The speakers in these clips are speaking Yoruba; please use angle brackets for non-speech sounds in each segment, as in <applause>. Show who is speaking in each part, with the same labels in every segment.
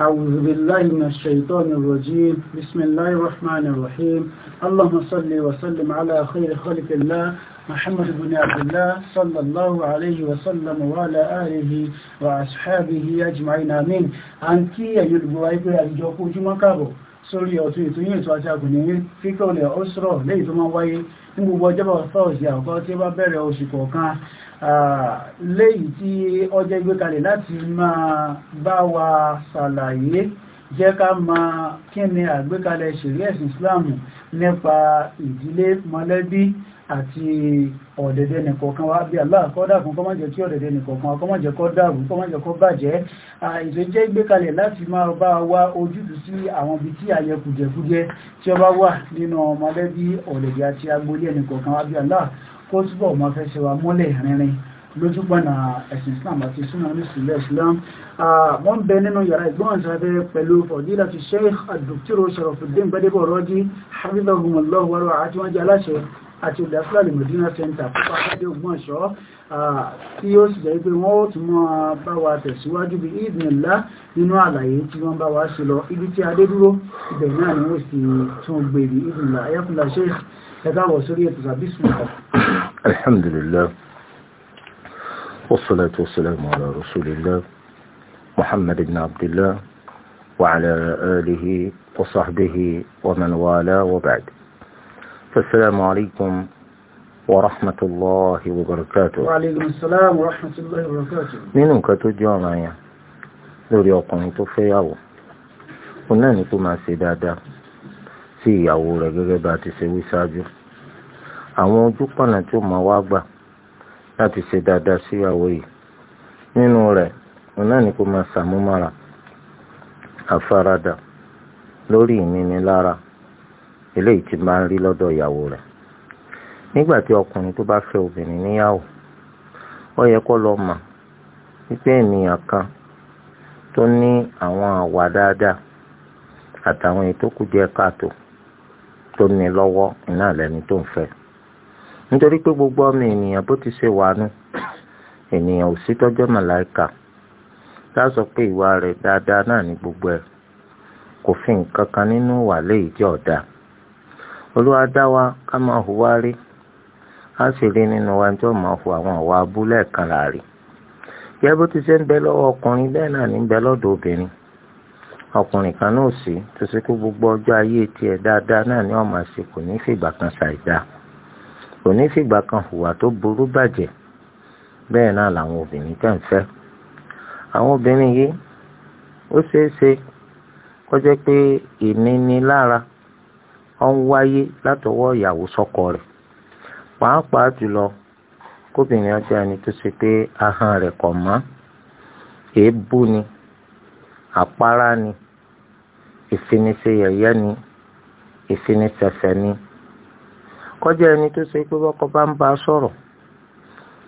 Speaker 1: أعوذ بالله من الشيطان الرجيم بسم الله الرحمن الرحيم اللهم صل وسلم على خير خلق الله محمد بن عبد الله صلى الله عليه وسلم وعلى آله وأصحابه أجمعين آمين أنت يلقوا أيضا الجوكو جمكابو sórí ọ̀tún ìtúnyìn ètò àti àgùnìyàn fíkọ̀lẹ̀ ọ̀sọ̀rọ̀ lẹ́yìn tó máa wáyé ní gbogbo ọjọ́bọ̀ fọ́ọ̀sì àkọ́ tí ó bá bẹ̀rẹ̀ oṣù kọ̀ọ̀kan léyìí tí ọjọ́ gbé kalẹ̀ láti máa bá wa ṣàlàyé jẹ́ ká ma kí ni àgbékalẹ̀ ṣẹ̀ríà ẹ̀sìn Islam nípa ìdílé mọ̀lẹ́bí àti ọ̀dẹ̀dẹ̀ nìkọ̀ọ̀kan wá bí Allah kó dákun kó má jẹ́ kí ọ̀dẹ̀dẹ̀ nìkọ̀ọ̀kan wá kó má jẹ́ kó dàrú kó má jẹ́ kó bàjẹ́ ètò jẹ́ ìgbékalẹ̀ láti máa bá wá ojútùú sí àwọn ibi tí ayẹ kùjẹkújẹ tí ó bá wà Allah kó túbọ̀ máa fẹ́ ṣe wa mọ́lẹ̀ rinrin lójúgbọ́nà ẹ̀sìn Islam àti súnmọ́ ní sílẹ̀ Islam wọ́n bẹ nínú yàrá ìgbóhùnsáfẹ́ pẹ̀lú fọ̀dílà ti Sheikh àdùkírò Sharafuddin Gbadébọ̀ Rọ́jí hafizahumullah wọ́rọ̀ àti wọ́n jẹ́ aláṣẹ àti olùdásílẹ̀ lèmọ̀dínà center púpọ̀ àkádé ogun ọ̀ṣọ́ tí ó sì jẹ́ pé wọ́n ó tún máa bá wa tẹ̀síwájú bí ìdìnlá nínú àlàyé tí wọ́n bá wa ṣe lọ ibi tí adé dúró ibẹ̀ Sheikh بسم الله
Speaker 2: الحمد لله والصلاة والسلام على رسول الله محمد بن عبد الله وعلى آله وصحبه ومن والاه وبعد فالسلام عليكم ورحمة الله وبركاته
Speaker 1: وعليكم السلام ورحمة الله وبركاته
Speaker 2: nínú nǹkan tó jẹ́ ọ̀ranyàn lórí ọkùnrin tó fẹ́yàwó sí ìyàwó rẹ̀ gẹ́gẹ́ bá ti ṣe wí ṣáájú àwọn ojú ma tí ó máa wá gbà láti ṣe dáadáa sí ìyàwó yìí nínú rẹ̀ òun náà ni kó máa ṣàmúmára àfaradà lórí ìnínilára eléyìí tí máa ń rí lọ́dọ̀ ìyàwó rẹ̀ nígbà tí ọkùnrin tó bá o. obìnrin níyàwó ó yẹ kó lọ mọ̀ wípé ènìyàn kan tó ní àwọn àwà dáadáa tó ní lọ́wọ́ iná lẹ́ni tó ń fẹ́ nítorí pé gbogbo ọmọ ènìyàn bó ti ṣe wà ènìyàn ò sí tọ́jọ́ màláìka tá a sọ pé ìwà rẹ̀ dáadáa náà ní gbogbo ẹ̀ kò fi nǹkan kan nínú wà léyìí tí ọ̀dà olúwa dá wa ká máa a sì nínú wa máa hu àwọn àwa abúlé kan láàrin ti ṣe bẹ lọ́wọ́ ọkùnrin bẹ́ẹ̀ bẹ lọ́dọ̀ obìnrin ọkùnrin kan náà sí tó ṣe kó gbogbo ọjọ́ ayé tiẹ̀ dáadáa náà ni wọ́n máa ṣe kò ní fìgbà kan ṣàìdá kò ní fìgbà kan hùwà tó burú bàjẹ́ bẹ́ẹ̀ náà làwọn obìnrin tẹ̀ ń fẹ́ àwọn obìnrin yìí ó ṣeé ṣe kó jẹ́ pé ìnínilára ọ ń wáyé látọwọ́ ìyàwó sọ́kọ rẹ̀ pàápàá jùlọ kóbìnrin ọjọ́ ẹni tó ṣe pé ahọ́n rẹ̀ kò mọ́ èébú ni àpárá ni ìfiniṣeyẹ̀yẹ́ ni ìfiniṣẹ̀fẹ̀ ni kọjá ẹni tó ṣe pé bọ́kọ bá ń bá a sọ̀rọ̀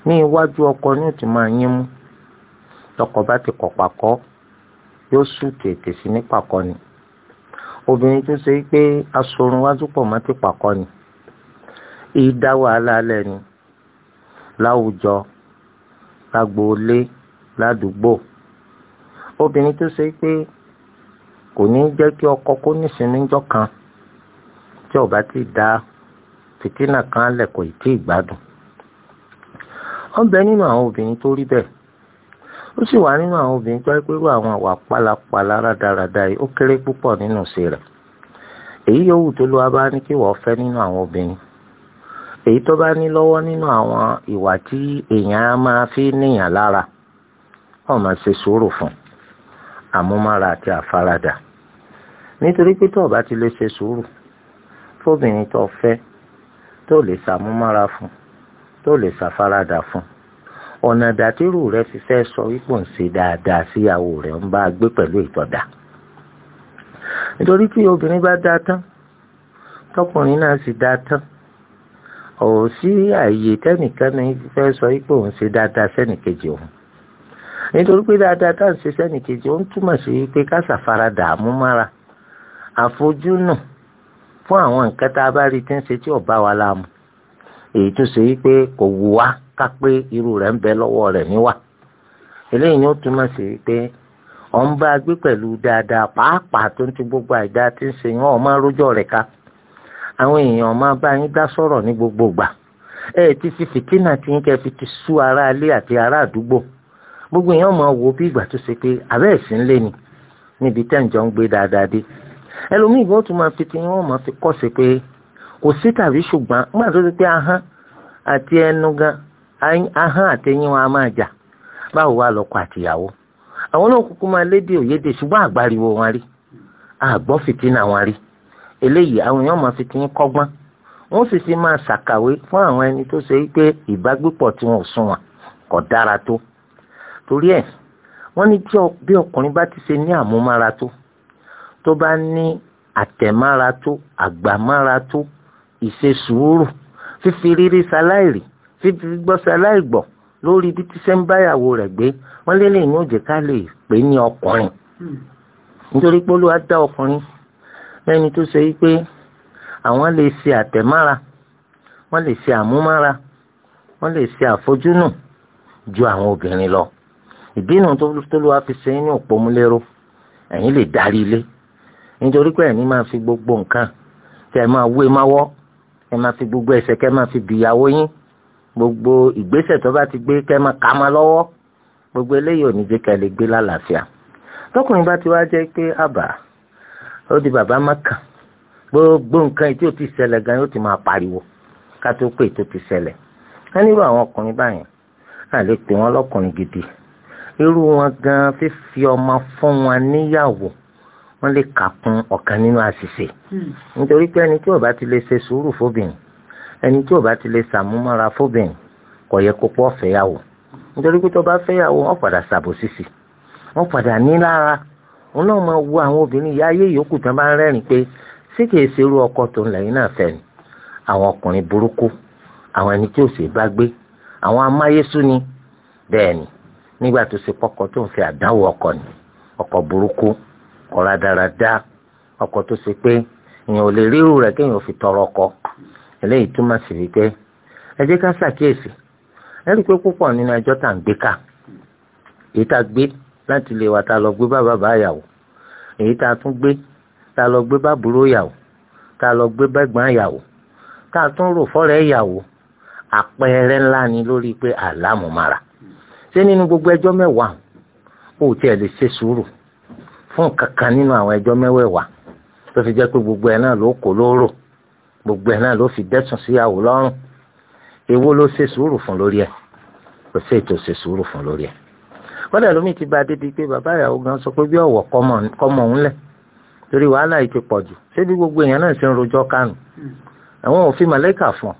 Speaker 2: ní iwájú ọkọ ní òtún máa yín mú tọkọ bá ti kọ̀ pàkọ́ yóò sùn tètè sí ní pàkọ́ ni obìnrin tó ṣe pé asorun wájú pọ̀ mọ́ ti pàkọ́ ni ìdá wàhálà alẹ́ ni láwùjọ lágboolé ládùúgbò obìnrin tó ṣe pé kò ní jẹ́ kí ọkọ kó kan tí ti da fìtínà kan lẹ̀ kò tí ì gbádùn bẹ nínú àwọn obìnrin tó rí bẹ́ẹ̀ ó sì wà nínú àwọn obìnrin tó pé irú àwọn àwà pálapàla rádaràda yìí ó kéré púpọ̀ nínú sí rẹ̀ èyí yòówù tó lọ́wọ́ bá ní kí wọ́n fẹ́ nínú àwọn obìnrin èyí tó bá ní lọ́wọ́ nínú fi níyàn lára máa ṣe fún àmúmára àti àfaradà nítorí pé tó o bá ti lè ṣe sùúrù fóbìnrin tó fẹ́ tó lè ṣàmúmára fún tó lè ṣàfaradà fún ọ̀nà ìdàtírù rẹ fi fẹ́ sọ wípò ń ṣe dáadáa síyàwó rẹ ń bá gbé pẹ̀lú ìtọ́dà nítorí tí obìnrin bá dá tán tọkùnrin náà sì dá tán ọ̀rọ̀ sí àyè tẹ́nìkan ní fẹ́ sọ wípò ń ṣe dáadáa sẹ́nìkejì òun nítorí pé dáadáa tá à ń ṣe sẹ́nìkejì òun túmọ̀ sí pé ká ṣàfaradà àmúmára àfojúnà fún àwọn nǹkan tá a bá rí tí ń ṣe tí ò bá wa láàmú èyí tó ṣe wípé kò wù wá ká pé irú rẹ̀ ń bẹ lọ́wọ́ rẹ̀ níwà eléyìí ni ó túmọ̀ sí wípé ọ̀ ń gbé pẹ̀lú dáadáa pàápàá tó ń ti gbogbo àìdá tí ń ṣe yẹn ọ̀ máa rójọ́ rẹ̀ ká àwọn èèyàn gbogbo gbà ẹ ti fi fìtínà tí ti sú ara àti gbogbo èèyàn máa wo bí ìgbà tó ṣe pé àbẹ́ẹ̀sìn lé ni níbi tẹ́ǹjọ́ ń gbé dáadáa dé ẹlòmíì gan tún máa fi ti wọn máa fi kọ́sẹ̀ pé kò sí tàbí ṣùgbọ́n nígbà tó ti pé ahọ́n àti ẹnu gan ahọ́n àtẹ̀yìn wọn a máa jà báwo wá lọ́kọ àtìyàwó àwọn náà kúkú máa lédè òyédè ṣùgbọ́n àgbáriwo wọn rí àgbọ́ fìtínà wọn rí eléyìí àwọn èèyàn máa fi ti ń kọ́gbọ́n wọ́n sì ti máa ṣàkàwé fún àwọn ẹni tó ṣe wípé ìbágbépọ̀ tí wọn ò sunwọ̀n kò dára tó torí ẹ̀ wọ́n ní bí ọkùnrin bá ti ṣe ní àmúmára tó tó bá ní àtẹ̀mára tó àgbàmára tó ìṣe sùúrù fífi rírí ṣaláìrí fífi gbọ́ ṣaláìgbọ́ lórí bí tí sẹ́ ń báyàwó rẹ̀ gbé wọ́n lé lẹ́yìn oúnjẹ ká lè pè ní ọkùnrin nítorí pé olúwa dá ọkùnrin lẹ́ni tó ṣe wípé àwọn lè ṣe àtẹ̀mára wọ́n lè ṣe àmúmára wọ́n lè ṣe àfojúnù ju àwọn obìnrin lọ ìdí tó lọ́wọ́ fi ṣe ní òpómúlérò ẹ̀yin lè darí ilé nítorí pé ẹ̀mí máa fi gbogbo nǹkan tẹ̀ ẹ̀ máa wé máwọ́ ẹ̀ máa fi gbogbo ẹsẹ̀ kẹ́ máa fi bìyàwó yín gbogbo ìgbésẹ̀ tó bá ti gbé kẹ́ máa kà máa lọ́wọ́ gbogbo eléyìí ò ní jẹ́ kẹ́ lè gbé lálàáfíà tọkùnrin bá ti wá jẹ́ pé àbá ó di bàbá mọ́kàn gbogbo nǹkan tí ó ti ṣẹlẹ̀ gan yóò ti máa pariwo ká tó pé tó ti ṣẹlẹ̀ ká nílò àwọn ọkùnrin báyìí à lè pè wọ́n lọ́kùnrin gidi irú wọn gan fífi ọmọ fún wọn níyàwó wọ́n lè kà kún ọ̀kan nínú àṣìṣe hmm. nítorí pé ẹni tí ó bá ti lè ṣe sùúrù fóbìnrin ẹni tí ó bá ti lè ṣàmúmọ́ra fóbìnrin kò yẹ kó pọ̀ fẹ́yàwó nítorí pé tó bá fẹ́yàwó wọ́n padà ṣàbòsíṣì wọ́n padà ní lára wọn náà máa wo àwọn obìnrin ìyá ayé yòókù tán bá ń rẹ́rìn pé sí kìí ṣerú ọkọ tó ń lẹ́yìn náà fẹ́ ni àwọn ọkùnrin burúkú àwọn ẹni tí ò sì bá gbé àwọn amáyésúni bẹ́ẹ̀ ni nígbà tó ṣe pọ́kọ tó ń fi àdánwò ọkọ ni ọkọ burúkú ọ̀rá dáradá ọkọ̀ tó ṣe pé èèyàn ò lè ríru rẹ̀ kéèyàn fi tọrọ ọkọ̀ eléyìí túmọ̀ sí wípé ẹ jẹ́ ká ṣàkíyèsí ẹ rí i pé púpọ̀ nínú ẹjọ́ tá à ń gbé ká èyí tá a gbé láti lè wà tá a lọ gbé bá bàbá àyàwó èyí tá a tún gbé tá a lọ gbé bá búrò àyàwó tá a lọ gbé bá ẹ̀gbọ́n àyàwó tá a tún rò fọ́rẹ̀ àyàwó àpẹẹrẹ ńlá ni lórí pé àlámùmára ṣé nínú gbogbo ẹjọ́ mẹ́wàá ò tiẹ̀ lè ṣe sùúrù fún kankan nínú àwọn ẹjọ́ mẹ́wẹ̀ẹ̀wá tó fi jẹ́ pé gbogbo ẹ̀ náà ló kó lóró gbogbo ẹ̀ náà ló fi dẹ́sùn síyàwó lọ́rùn èwo ló ṣe sùúrù fún lórí ẹ̀ kò sí ètò ṣe sùúrù fún lórí ẹ̀ kọ́dà lómi ti ba débi pé bàbá ìyàwó gan sọ pé bí ọ̀wọ̀ kọ́mọ ń lẹ̀ torí wàhálà yìí ti pọ̀ jù ṣé bí gbogbo èèyàn náà ṣe ń rojọ́ kánù àwọn òfin màlẹ́kà fún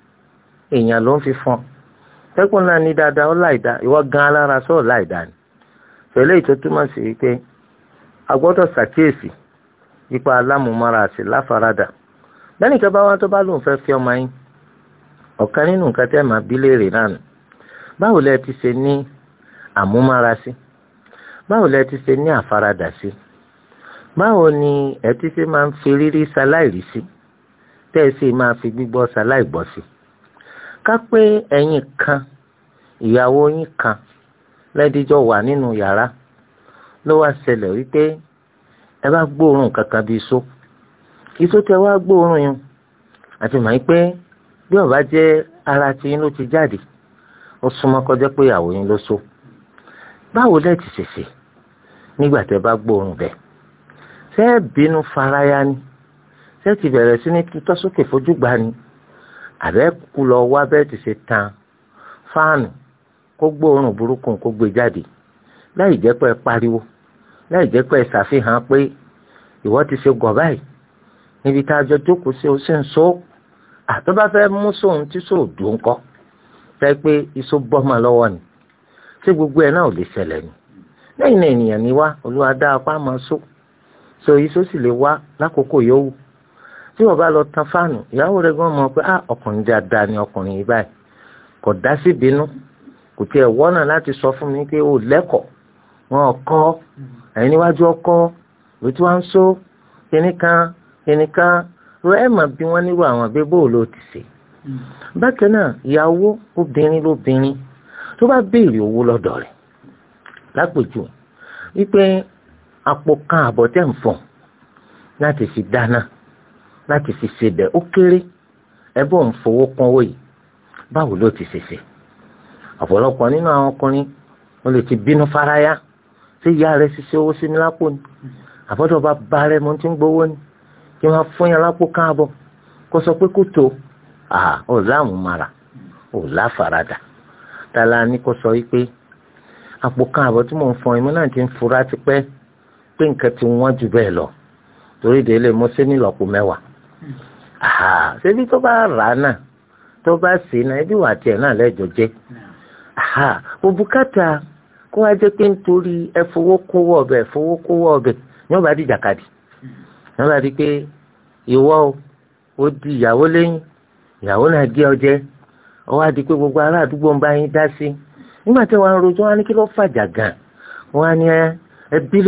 Speaker 2: èèyàn ló ń fi fún tẹ́kùn náà ní dáadáa ó láìda ìwọ gan alára sọ́ọ̀ láìda ni pẹ̀lú ètò túmọ̀ sí pé a gbọ́dọ̀ ṣàkíyèsí ipa alámúmára àti láfaradà lẹ́nìkan bá wá tó bá lóun fẹ́ fi ọmọ yín ọ̀kan nínú nǹkan tẹ́ máa bí léèrè náà báwo lẹ ti ṣe ní àmúmára sí báwo lẹ ti ṣe ní àfaradà sí báwo ni ẹ ti ṣe máa ń fi rírí ṣaláìrí sí tẹ́ ẹ sì máa fi gbígbọ́ ṣaláìgbọ́ sí ká pé ẹ̀yin kan ìyàwó yín kan lẹ́díjọ́ wà nínú yàrá ló wá ṣẹlẹ̀ wípé ẹ bá gbóòórùn kankan bíi iṣó iṣó tẹ wá gbóòórùn yẹn àti màá pé bí ó bá jẹ́ ara ti yín ti jáde ó súnmọ́ kọjá pé ìyàwó yín ló so báwo lẹ ti ṣèṣe nígbà tẹ bá gbóòórùn bẹ́ẹ̀ ṣé bínú faraya ni ṣé ti bẹ̀rẹ̀ sí ní tutọ́ sókè fojú gbà ni àbẹ́kù lọ wá bẹ́ẹ̀ ti ṣe tan fáànù kó gbóòórùn burúkú kó gbé jáde láì jẹ́ pé pariwo láì jẹ́ pé ṣàfihàn pé ìwọ ti ṣe gọ̀ báyìí níbi tá a jọ jókòó sí o ṣe ń so àtọ́bá fẹ́ mú sóun tí sóò dùn ń kọ́ fẹ́ pé iṣó bọ́mọ lọ́wọ́ ni ṣé gbogbo ẹ̀ náà ò lè ṣẹlẹ̀ ni lẹ́yìn náà ènìyàn ni wá olúwa dá apá máa so so iṣó sì lè wá lákòókò yòówù tí wọ́n bá lọ tan fáànù ìyàwó rẹ̀ gan mọ̀ pé ah ọkùnrin dáadáa ni ọkùnrin yìí báyìí kò dá sí bínú kò tiẹ̀ wọ́nà láti sọ fún mi pé ó lẹ́kọ̀ọ́ wọn kọ́ ẹ̀yin níwájú ọkọ òwe tí wọ́n ń sọ kìnìkan kìnìkan ro ẹ̀ mà bí wọ́n nílò àwọn àbí bóò ló ti ṣe. Hmm. bákan náà ìyàwó obìnrin lóbìnrin tó bá béèrè owó lọ́dọ̀ rẹ̀ lápèjù wípé àpò kan àbọ̀ tẹ̀ ń fọ̀n láti fi dáná láti fi ṣebẹ̀ ó kéré ẹbọ ń fowó yìí báwo ló ti ṣèṣe ọ̀pọ̀lọpọ̀ nínú àwọn ọkùnrin ó lè ti bínú fáráyà ṣé ya rẹ̀ ṣiṣẹ́ owó sí ní lápò ni àbọ̀dọ̀ bá ba rẹ̀ mo ti ń gbowó ni kí wọ́n fún yẹn lápò káàbọ̀ kó sọ pé kò tó ọ̀ láàmú mara ò láfaradà tala ni kó sọ wípé àpò káàbọ̀ tí mò ń fọ ìmú náà ti ń fura tipẹ́ pé nǹkan ti wọ́n jù bẹ́ẹ̀ lọ torí délé mo ṣe nílọ́po mẹ́wàá ṣebí tó bá rà náà tó bá sí náà ẹbí wà tiẹ̀ náà lẹ́jọ́ jẹ́ òbúkátà kó wá jẹ́ pé nítorí ẹfowókówó ọbẹ̀ ẹfowókówó ọbẹ̀ ní ọba di jàkadì ní ọba di pé o di ìyàwó lẹ́yìn ìyàwó náà gé ọ gbogbo ará àdúgbò ń bá yín dá sí nígbà tí wọn rojọ́ wọn ní kí fàjà wọn ẹbí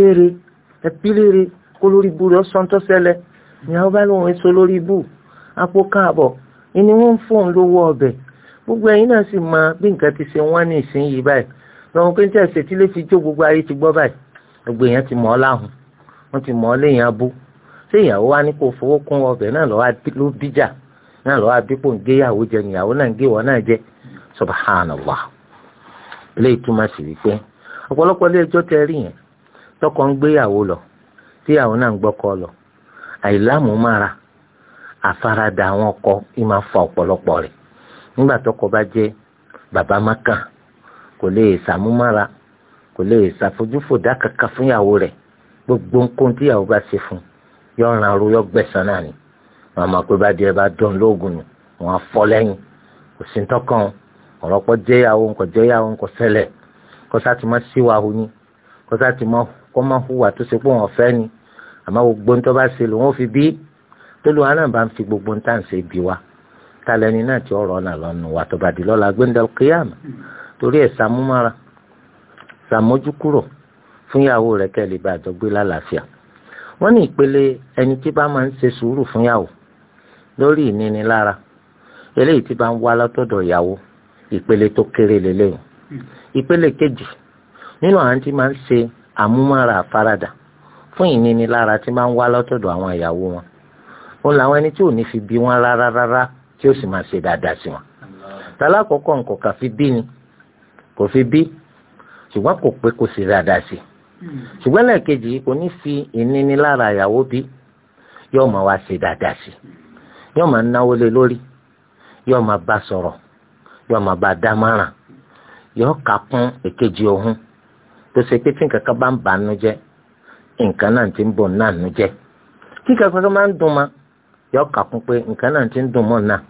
Speaker 2: ẹbí kó lórí ìyàwó bá lóun èso lórí gbogbo ẹ̀yin náà sì bí ti ṣe ní ìsinyìí lọ́wọ́n pé tẹ́ ẹsẹ̀ tí lè fi jó gbogbo ayé ti gbọ́ báyìí gbogbo èèyàn ti mọ̀ ọ́ láhùn wọ́n ti mọ̀ ọ́ léèyàn abú ṣé ìyàwó wa ní fowó kún ọbẹ̀ náà lọ́wọ́ ló bíjà náà lọ́wọ́ ń jẹ ìyàwó náà ń gé náà jẹ subhanallah eléyìí túmọ̀ ọ̀pọ̀lọpọ̀ ilé ẹjọ́ tẹ rí tọkọ ń lọ náà ń lọ àìlámùmára kò lè sàmúmára kò lè sàfojúfòdá kankan fún ìyàwó rẹ̀ gbogbo nǹkan tí ìyàwó bá ṣe fún yọ ọ̀ràn aró yọ gbẹ̀sán náà ni wọn máa pé bá díẹ̀ bá dán lóògùn nù wọn á fọ́ lẹ́yìn kò sí tọ́kàn ọ̀rọ̀ pọ̀ jẹ́ ìyàwó nǹkan jẹ́ ìyàwó nǹkan ṣẹlẹ̀ kó sá ti máa síwá ho ni kó sá ti máa hùwà tó ṣe pé wọn fẹ́ ni àmọ́ gbogbo ń bá ṣe lòun ò fi bí tolúwa náà bá ń fi gbogbo ń ṣe bí wa tálẹ́ni náà ti ọ̀rọ̀ náà lọ́nu wà tó bá lọ́la gbẹ́ndẹ̀ kíyàmù torí ẹ̀ sàmúmára sàmójúkúrò fún ìyàwó rẹ̀ kẹ́lẹ́ bá àjọ gbé lálàáfíà wọ́n ní ìpele ẹni tí bá máa ń ṣe sùúrù fún ìyàwó lórí ìnínilára eléyìí tí bá ń wá látọ̀dọ̀ ìyàwó ìpele tó kéré lélẹ́yìn ìpele kejì nínú àwọn tí máa ń ṣe àmúmára àfaradà fún ìnínilára tí máa ń wá látọ̀dọ̀ àwọn ìyàwó wọn ó làwọn ẹni tí ò ní fi bí wọn rárá rárá tí ó sì máa ṣe dáadáa sí wọn tàlákọ̀ọ́kọ́ nǹkan kàfi bí ni kò fi bí ṣùgbọ́n kò pé kò sí dáadáa sí hmm. ṣùgbọ́n lẹ́ẹ̀kejì kò ní fi ìnínilára ìyàwó bí yóò máa wá ṣe dáadáa sí yóò máa náwó lé lórí yóò máa bá sọ̀rọ̀ yóò máa bá dámọ̀ràn yóò kà kún èkejì ohun tó ṣe pé tí nǹkan kan bá ń bànú jẹ́ nǹkan náà ti ń bọ̀ náà nú jẹ́ tí nǹkan kan máa ń dùn ma yóò kà kún pé nǹkan náà ti ń dùn mọ́ náà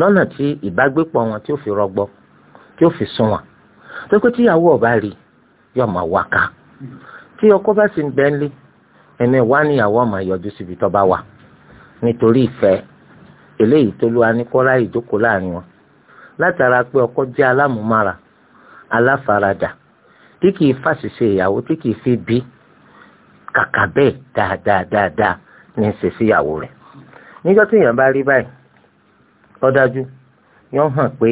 Speaker 2: lọ́nà tí ìbágbépọ̀ wọn tí ó fi rọgbọ tí ó fi sunwọ̀n tó pé tíyàwó ọba rí yóò máa wá ká tí ọkọ bá sì ń bẹ́ńlé ẹ̀mí wá níyàwó ọmọ ìyọjú síbi tó bá wà nítorí ìfẹ́ eléyìí tó lóa ní kọ́ra ìjókòó láàrin wọn látara pé ọkọ jẹ́ alámúmára aláfaradà tí kìí fàṣìṣe ìyàwó tí kìí fi bí kàkà bẹ́ẹ̀ dáadáa dáadáa ní ṣe síyàwó rẹ̀ níjọ́ tí èèyàn bá rí báyìí ó dájú yóò hàn pé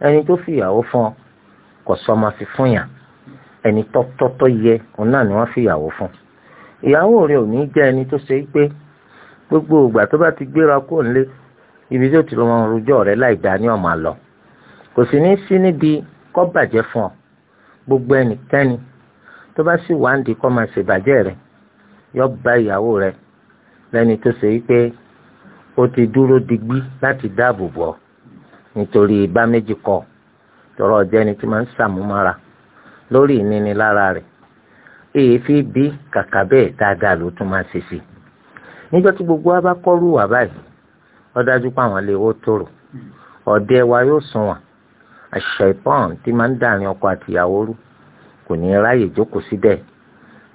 Speaker 2: ẹni tó fi fún ọ kò sọmọ fi fún yàn ẹni tọ́tọ́tọ́ yẹ òun náà ni wọ́n fi ìyàwó fún ìyàwó rẹ̀ ò ní jẹ́ ẹni tó ṣe pé gbogbo ìgbà tó bá ti gbéra kó nílé ibi tó ti lọ wọn rojọ́ rẹ̀ láì dá ní ọmọ àlọ kò sì ní sí níbi kó bàjẹ́ fún ọ gbogbo ẹnikẹ́ni tó bá sì wá ń di kó máa ṣèbàjẹ́ rẹ̀ yọ bá ìyàwó rẹ̀ lẹ́ni tó ṣe pé ó ti dúró digbí láti dáàbò bò nítorí bá méjì kọ́ ọ tọrọ ọjọ́ ẹni tí máa ń sàmúmára lórí ìnínilára rẹ̀ èéfín bí kàkà bẹ́ẹ̀ dáadáa ló tún máa ṣe sí i nígbà tí gbogbo wa bá kọ́rù wà báyìí ó dájú pé àwọn ilé owó tòrò ọ̀dẹ wa yóò sùn wà àṣà ìpọ́n tí máa ń dàrin ọkọ àtìyàwó rú kò ní ráyè jókòó síbẹ̀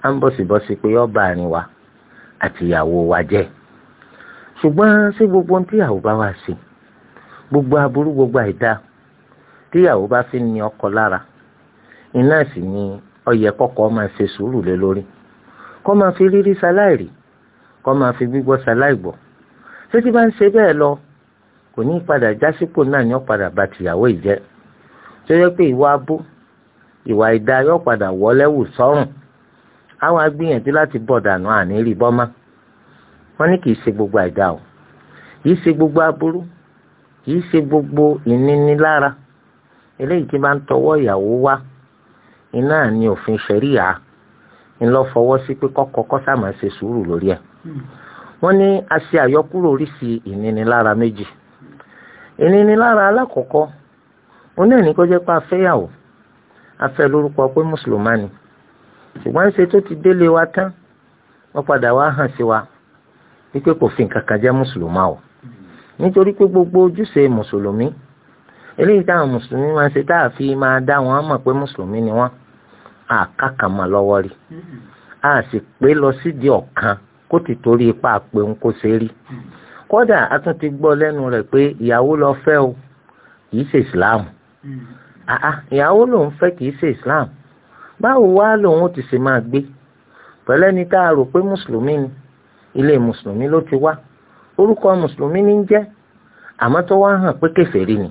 Speaker 2: à ń bọ̀sibọ́sí pé ọba àrin wa àtìyàwó wa jẹ́ ṣùgbọ́n sí gbogbo ohun tíyàwó bá wá sí gbogbo aburú gbogbo àìdáa tíyàwó bá fi ní ọkọ lára iná sì ni ọyẹ kọkọ máa ṣe sùúrù lé lórí kó máa fi rírí ṣaláìrí kọ máa fi gbígbọ́ ṣaláìgbọ́ títí bá ń ṣe bẹ́ẹ̀ lọ kò ní padà jásípò náà ni ó padà bá tìyàwó ìjẹ́ tó yẹ pé ìwà abú ìwà ìdá yóò padà wọléwù sọ́rùn àwọn agbìyànjú láti bọ̀ dànù àní rí bọ́má wọ́n ní kì í ṣe gbogbo àìdá o kì í ṣe gbogbo aburú kì í ṣe gbogbo ìnínilára eléyìí tí bá ń tọwọ́ ìyàwó wá iná ni òfin ṣẹ̀ríyà ńlọ fọwọ́ sí pé kọ́kọ́ kọ́sà máa ṣe sùúrù lórí ẹ̀. wọ́n ní a ṣe àyọkúrò oríṣi ìnínilára méjì ìnínilára alákọ̀ọ́kọ́ oní kó jẹ́ pé a fẹ́yàwó lórúkọ pé mùsùlùmá ni ṣùgbọ́n ń ṣe tó ti délé wa tán wọ́n padà wá hàn sí wa wípé kò fi nǹkan kan jẹ́ mùsùlùmá o nítorí pé gbogbo ojúṣe mùsùlùmí eléyìí táwọn mùsùlùmí máa ṣe tá a fi máa dá wọn mọ̀ pé mùsùlùmí ni wọ́n àkàkàmọ̀ lọ́wọ́ rí a sì pé lọ sídìí ọ̀kan kó ti torí ipá pé ń kó ṣe rí kódà a tún ti gbọ́ lẹ́nu rẹ̀ pé ìyàwó lọ fẹ́ o kì í ṣe islam ìyàwó lòun fẹ́ kì í ṣe islam báwo wá lòun ti ṣe máa gbé pẹ̀lẹ́ni tá a rò pé mùsùlùmí ni ilé mùsùlùmí ló ti wá orúkọ mùsùlùmí ní jẹ́ àmọ́ tó wá hàn pé kèfèrí ni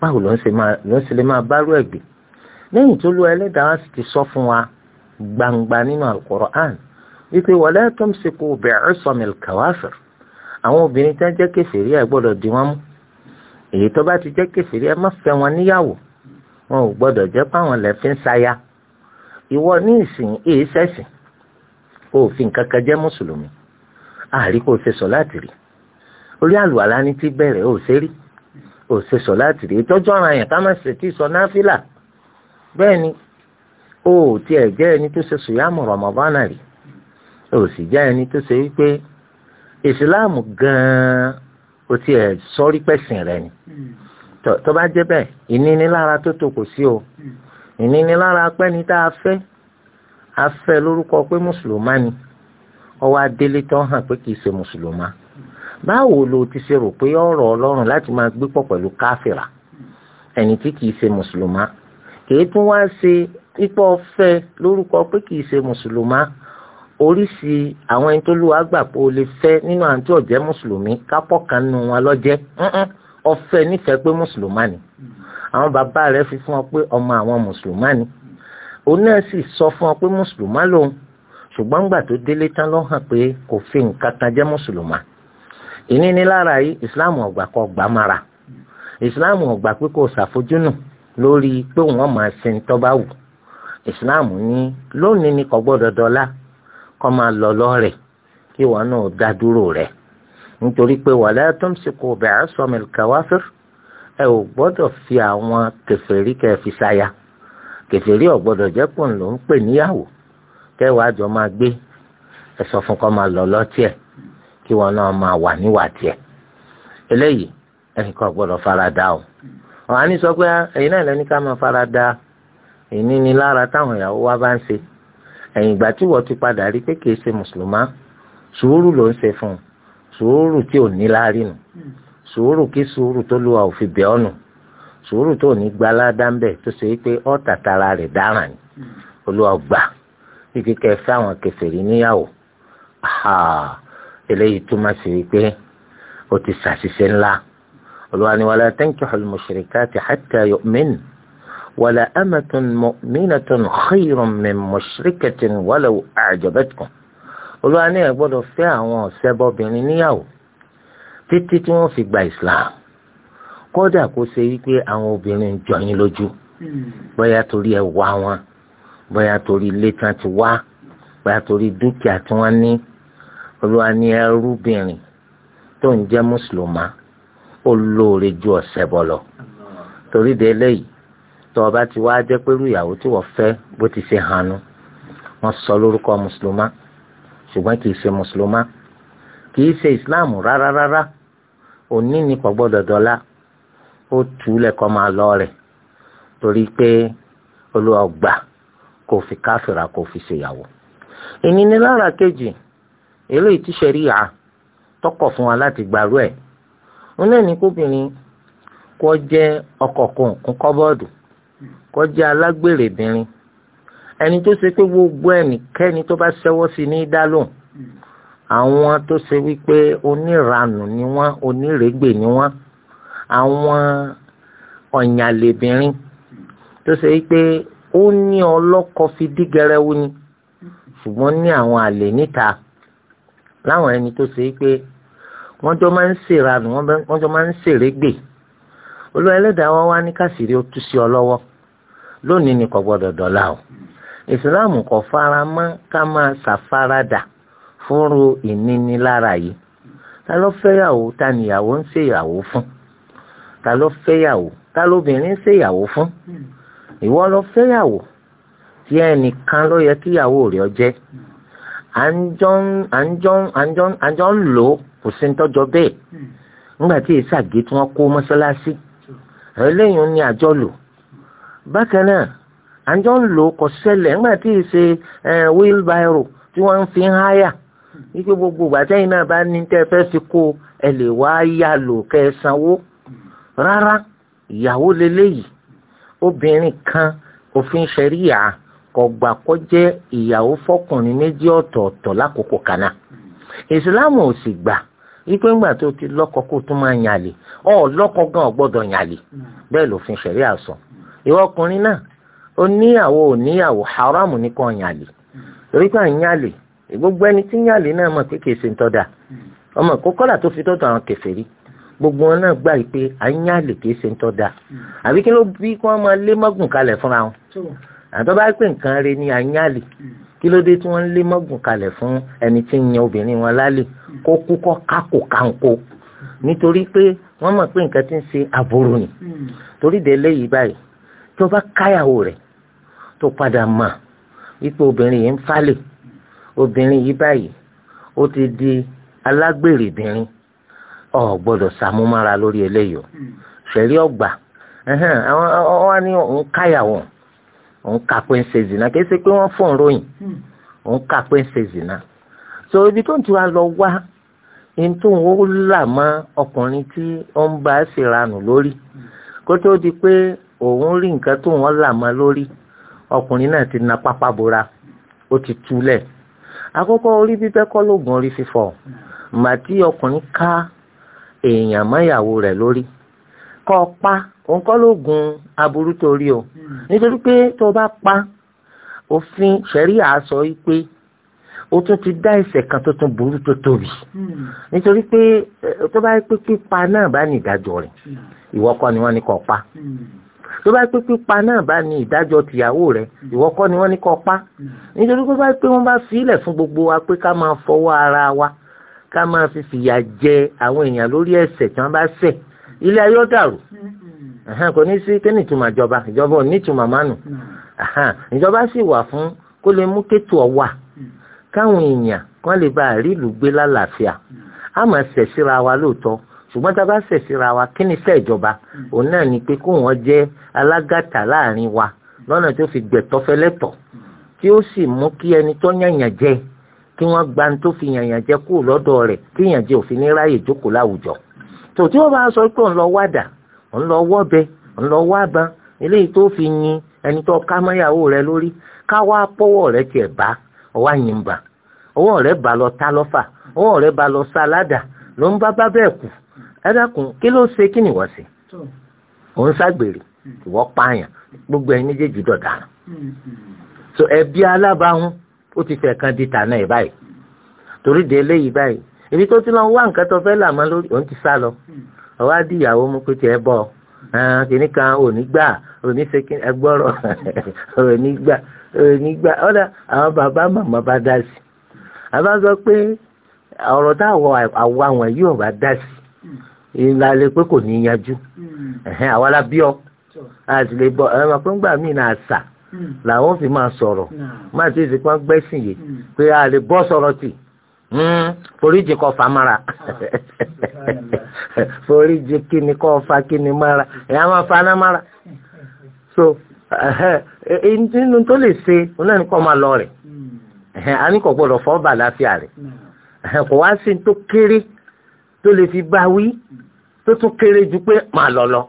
Speaker 2: báwo ló ń ṣe máa ló ń ṣe lè máa bárò ẹ̀gbìn lẹ́yìn tó lu ẹlẹ́dàá wá sì ti sọ fún wa gbangba nínú al-Qur'an wípé wala tumsiku bi'asamil kawafir àwọn obìnrin tí wọ́n jẹ́ kèfèrí ẹ̀ gbọ́dọ̀ di wọ́n mú èyí tó bá ti jẹ́ kèfèrí ẹ má fẹ́ wọn níyàwó wọn ò gbọ́dọ̀ jẹ́ páwọn lẹ́ fi ń ṣaya ìwọ ní ìsìn èyí sẹ́sìn kò fi jẹ́ mùsùlùmí àárí ṣe sọ láti rí orí àlùwàlá ní ti bẹ̀rẹ̀ ò ò ṣe sọ láti rí ìtọ́jú ara yẹn ká má ṣe tí sọ náfìlà bẹ́ẹ̀ ni ó tiẹ̀ jẹ́ ẹni tó ṣe sùyàmù rọ̀mọ́bánà rí ó sì jẹ́ ẹni tó ṣe wípé ìsìláàmù gan-an ó tiẹ̀ sọ́rí pẹ̀sìn rẹ̀ ni tó bá jẹ́ bẹ́ẹ̀ ìnínilára tó tó kò sí o ìnínilára pẹ́ni tá a fẹ́ a fẹ́ lórúkọ pé mùsùlùmá ni ọwọ́ adélé tó hàn pé kì í ṣe mùsùlùmá báwo lo ti ṣe rò pé ọ̀rọ̀ ọlọ́run láti máa gbé pọ̀ pẹ̀lú káfìrà ẹni tí kìí ṣe mùsùlùmá kìí tún wá ṣe pípọ̀ fẹ́ lórúkọ pé kìí ṣe mùsùlùmá oríṣi àwọn ẹni tó lù wá pé o lè fẹ́ nínú àwọn tí ọ̀jẹ́ mùsùlùmí kápọ̀ kan nínú wọn lọ́jẹ́ ọ̀fẹ́ nífẹ̀ẹ́ pé mùsùlùmá ni àwọn bàbá rẹ̀ fi fún ọ pé ọmọ àwọn mùsùlùmá ni òun náà sì sọ fún ọ pé mùsùlùmá lòun ṣùgbọ́n gbà tó délé tán ló hàn pé kò fi nǹkan kan jẹ́ mùsùlùmá ìnínilára yìí islam ọ̀gbà kọ́ gbà mara islam ọ̀gbà pé kò ṣàfojúnù lórí pé wọ́n máa ṣe ń tọ́ba wù islam ní lónìí ni kò gbọ́dọ̀ dọ́là kọ́ máa lọ lọ́rẹ̀ kí wọn náà dá dúró rẹ̀ nítorí pé wala tumsiku bi'asamil kawafir ẹ ò gbọ́dọ̀ fi àwọn kèfèrí kẹ́ fi ṣaya kèfèrí ò gbọ́dọ̀ jẹ́ pò ń lò ń pè níyàwó kẹwàá jọ máa gbé ẹ̀sọ́ fún kọ́ máa lọ lọ́tí ẹ̀ kí wọn náà máa wà níwà tiẹ̀ eléyìí ẹnìkan gbọ́dọ̀ farada o ọ̀hán ní sọ pé ẹ̀yin náà lẹ́ni ká máa farada ìnínilára táwọn ìyàwó wa bá ń ṣe ẹ̀yìn ìgbà tí wọ́n ti padà rí pé kìí ṣe mùsùlùmá sùúrù ló ń ṣe fún un sùúrù tí ò ní láárí nù sùúrù kí sùúrù tó lu àwòfin bẹ́ẹ̀ ọ̀nù sùúrù tó ní gba aládàmbẹ̀ tó ṣe pé ọ́ tàtàrà rẹ̀ dáràn ni olúwa gbà kíkẹ́ fẹ́ àwọn kèfèrí níyàwó eléyìí túmọ̀ sí wípé ó ti ṣàṣìṣe ńlá olúwa ni wala tankihul mushrikati hatta yu'min wala amatun mu'minatun khayrun min mushrikatin walaw a'jabatkum olúwa ni ẹ gbọ́dọ̀ fẹ́ àwọn ọ̀sẹ́bọ̀bìnrin níyàwó títí tí wọ́n fi gba islam kódà kó ṣe wípé àwọn obìnrin jọyín lójú bóyá torí ẹwà wọn bóyá torí ilé tí wọ́n ti wá bóyá torí dúkìá tí wọ́n ní olúwa ní ẹrúbìnrin tó ń jẹ́ mùsùlùmá ó lóore ju ọ̀sẹ̀ bọ̀ lọ torí de eléyìí tó o bá ti wá jẹ́ pẹ̀lú ìyàwó tí wọ́n fẹ́ bó ti ṣe hànú wọ́n sọ lórúkọ mùsùlùmá ṣùgbọ́n kì í ṣe mùsùlùmá kì í ṣe ìsìláàmù rárá rárá òní ni kò gbọ́dọ̀ dọ́là ó tù ú lẹ́kọ́ máa lọ rẹ̀ torí pé olúwa gbà kò fi káfìrà kò fi ṣèyàwó ìnínilára kejì eléyìí tí ṣẹ̀ríà tọkọ̀ fún wa láti gbàrú ẹ̀ wọn náà ní kóbìnrin kó jẹ́ ọkọ kòǹkùn kọ́bọ́ọ̀dù kó jẹ́ alágbèrèbìnrin ẹni tó ṣe pé gbogbo ẹnikẹ́ni tó bá ṣẹ́wọ́ sí ní dá lóhùn àwọn tó ṣe wípé oníranù ni wọ́n onírègbè ni wọ́n àwọn ọ̀yànlébìnrin tó ṣe wípé ó ní ọlọ́kọ fi dí gẹrẹwu ni ṣùgbọ́n ní àwọn àlè níta láwọn ẹni tó ṣe é pé wọ́n jọ máa ń ṣèrànù wọ́n jọ máa ń ṣèrégbè olúwa ẹlẹ́dàá wọn wá ní káṣíìrí ó tú sí ọ lọ́wọ́ lónìí ni kò gbọ́dọ̀ dọ̀la o ìsìláàmù kò fara mọ́ ká máa ṣàfaradà fúnru ìnínilára yìí ta ló fẹ́yàwó ta níyàwó ń ṣèyàwó fún ta ló fẹ́yàwó ta lóbìnrin ń ṣèyàwó fún ìwọ ló fẹ́yàwó tí ẹnìkan ló yẹ kíyàwó rẹ̀ ọ jẹ́ àńjọ́ àńjọ́ àńjọ́ àńjọ́ ń lò ó kò sí ń tọ́jọ bẹ́ẹ̀ nígbà tí èsì àgé tí wọ́n kó mọ́sálásí ẹlẹ́yìn ní àjọlò bákan náà àńjọ́ ń lò kò ṣẹlẹ̀ nígbà tí èsì wheelbarrow tí wọ́n ń fi háyà wípé gbogbo gbàtẹ́yìn náà bá ní tẹ́ fẹ́ fi kó ẹ lè wá yá lò kẹ́ ẹ sanwó rárá ìyàwó lélẹ́yìí obìnrin kan òfin ṣẹ̀ríyà kọgbà kó jẹ́ ìyàwó fọkùnrin méjì ọ̀tọ̀ọ̀tọ̀ lákòókò kan náà ìsìláàmù ò sì gbà wípé ńgbà tó ti lọ́kọ kó tún máa yàlè ọ lọ́kọ gan ò gbọ́dọ̀ yàlè bẹ́ẹ̀ lòfin ṣẹ̀rí àsọ ìwọ ọkùnrin náà ó níyàwó ò níyàwó haram ní kan yàlè torí pé à ń yàlè gbogbo ẹni tí ń yàlè náà mọ̀ pé kìí ṣe ń tọ́da ọmọ ìkókọ́là tó fi tọ́tọ̀ àwọn kèfèrí gbogbo wọn náà gbà pé à kìí ṣe ń tọ́da àbí kí ló bí kí wọ́n máa lé mọ́gùn kalẹ̀ fúnra wọn àtọ́ bá pè nǹkan rẹ ní anyálì kí ló dé tí wọ́n ń lé mọ́gùn kalẹ̀ fún ẹni tí ń yan obìnrin wọn lálẹ́ kó kú kọ́ kákò kánkó nítorí pé wọ́n mọ̀ pé nǹkan ti ń ṣe àbúrò ni torí de léyìí báyìí tó bá káyàwó rẹ̀ tó padà mọ̀ wípé obìnrin yìí ń falè obìnrin yìí báyìí ó ti di alágbèrèbìnrin ò gbọ́dọ̀ sàmúmára lórí eléyìí ṣẹ̀rí ọgbà àwọn ni òun káyàwó òun kà pé ń ṣe zina kì í ṣe pé wọ́n fún un ròyìn hmm. òun kà pé ń ṣe zina so ibi tó ń tura lọ wá ní tó ń là mọ́ ọkùnrin tí ó ń bá ṣèranù lórí kó tó di pé òun rí nǹkan tó wọ́n là mọ́ lórí ọkùnrin náà ti na pápá bora ó ti túlẹ̀ àkọ́kọ́ orí bíbẹ́ kọ́ lóògùn orí fífọ́ màtí ọkùnrin ká èèyàn mọ́yàwó rẹ̀ lórí kọ́ ọ pa òun kọ́ lóògùn aburú torí o nítorí pé tó o bá pa òfin ṣẹ̀ríà sọ wípé ó tún ti dá ẹ̀ṣẹ̀ kan tó tún burú tó tóbi nítorí pé tó bá pé pípa náà bá ní ìdájọ́ rẹ̀ ìwọ kọ́ ni wọ́n ní kọ́ pa tó bá pé pípa náà bá ní ìdájọ́ tìyàwó rẹ̀ ìwọ kọ́ ni wọ́n ní kọ́ pa nítorí pé pé wọ́n bá fi fún gbogbo wa pé ká máa fọwọ́ ara wa ká máa fi fìyà jẹ àwọn èèyàn lórí ẹ̀ṣẹ̀ tí wọ́n bá ṣẹ̀ ilé ayé ó dàrú mm-hmm. kò ní sí kí ni ìtumọ̀ ìjọba ìjọba ò ní ìtumọ̀ mánu mm-hmm. ìjọba sì wà fún kó lè mú kétò ọ̀wà mm-hmm. káwọn èèyàn kan lè bá rí ìlú gbé lálàáfíà a máa ṣẹ̀síra wa lóòótọ́ ṣùgbọ́n tá a bá ṣẹ̀síra wa kí ni iṣẹ́ ìjọba òun náà ni pé kó wọ́n jẹ́ alágàtà láàrin wa lọ́nà tó fi gbẹ̀tọ́ fẹlẹ́tọ̀ tí ó sì mú kí ẹni tó yànyàn jẹ kí wọ́n gba ní tó fi yànyàn jẹ kúrò lọ́dọ̀ rẹ̀ kí yànjẹ òfin ní ráàyè jókòó láwùjọ. tó tí wọ́n bá sọ pé òun lọ wádà òun lọ wọ́bẹ òun lọ tó fi yin ẹni tó ká rẹ lórí káwá pọ́wọ́ rẹ tiẹ̀ bá ọwá yín ọwọ́ rẹ bá lọ tá lọ́fà ọwọ́ rẹ bá lọ ládà ló ń bá bá bẹ́ẹ̀ kù kí ló gbogbo ẹni méjèèjì dọ̀dà ẹbí alábàáhùn ó ti fẹ̀ kan di tànà ẹ̀ báyìí torí de eléyìí báyìí èyí tó ti lọ wá nǹkan tó fẹ́ là mọ́ lórí òun ti sá lọ ọwọ́ á di ìyàwó mú pé tiẹ̀ bọ̀ kìíní kan òní gbà òní ṣe kí ẹgbọ́rọ̀ <laughs> òní gbà òní gbà ọ̀dà àwọn bàbá màmá bá dá sí àbá sọ pé ọ̀rọ̀ tá àwọ̀ àwọ̀ àwọn yìí ò bá dá sí ìlàlẹ̀ pé kò ní yanjú àwa la bí ọ àti lè bọ ẹ máa pé ńgbà míì náà sà làwọn fi máa sọ̀rọ̀ hmm. má ti ìsìnkú gbẹ́sìn yìí hmm. pé a lè bọ́ sọ̀rọ̀ tì. Hmm, foríjì kọ fa mara foríjì kíni kọ fa kíni mara ẹ̀yà máa fa ná mara so nínú tó lè ṣe onáà ní kọ́ máa lọ rẹ̀ hmm. a ní kò gbọ́dọ̀ fọ́ bà láfíà rẹ̀ hmm. kò wá sí tó kéré tó lè fi bá wí tó tún kéré ju pé máa lọ lọ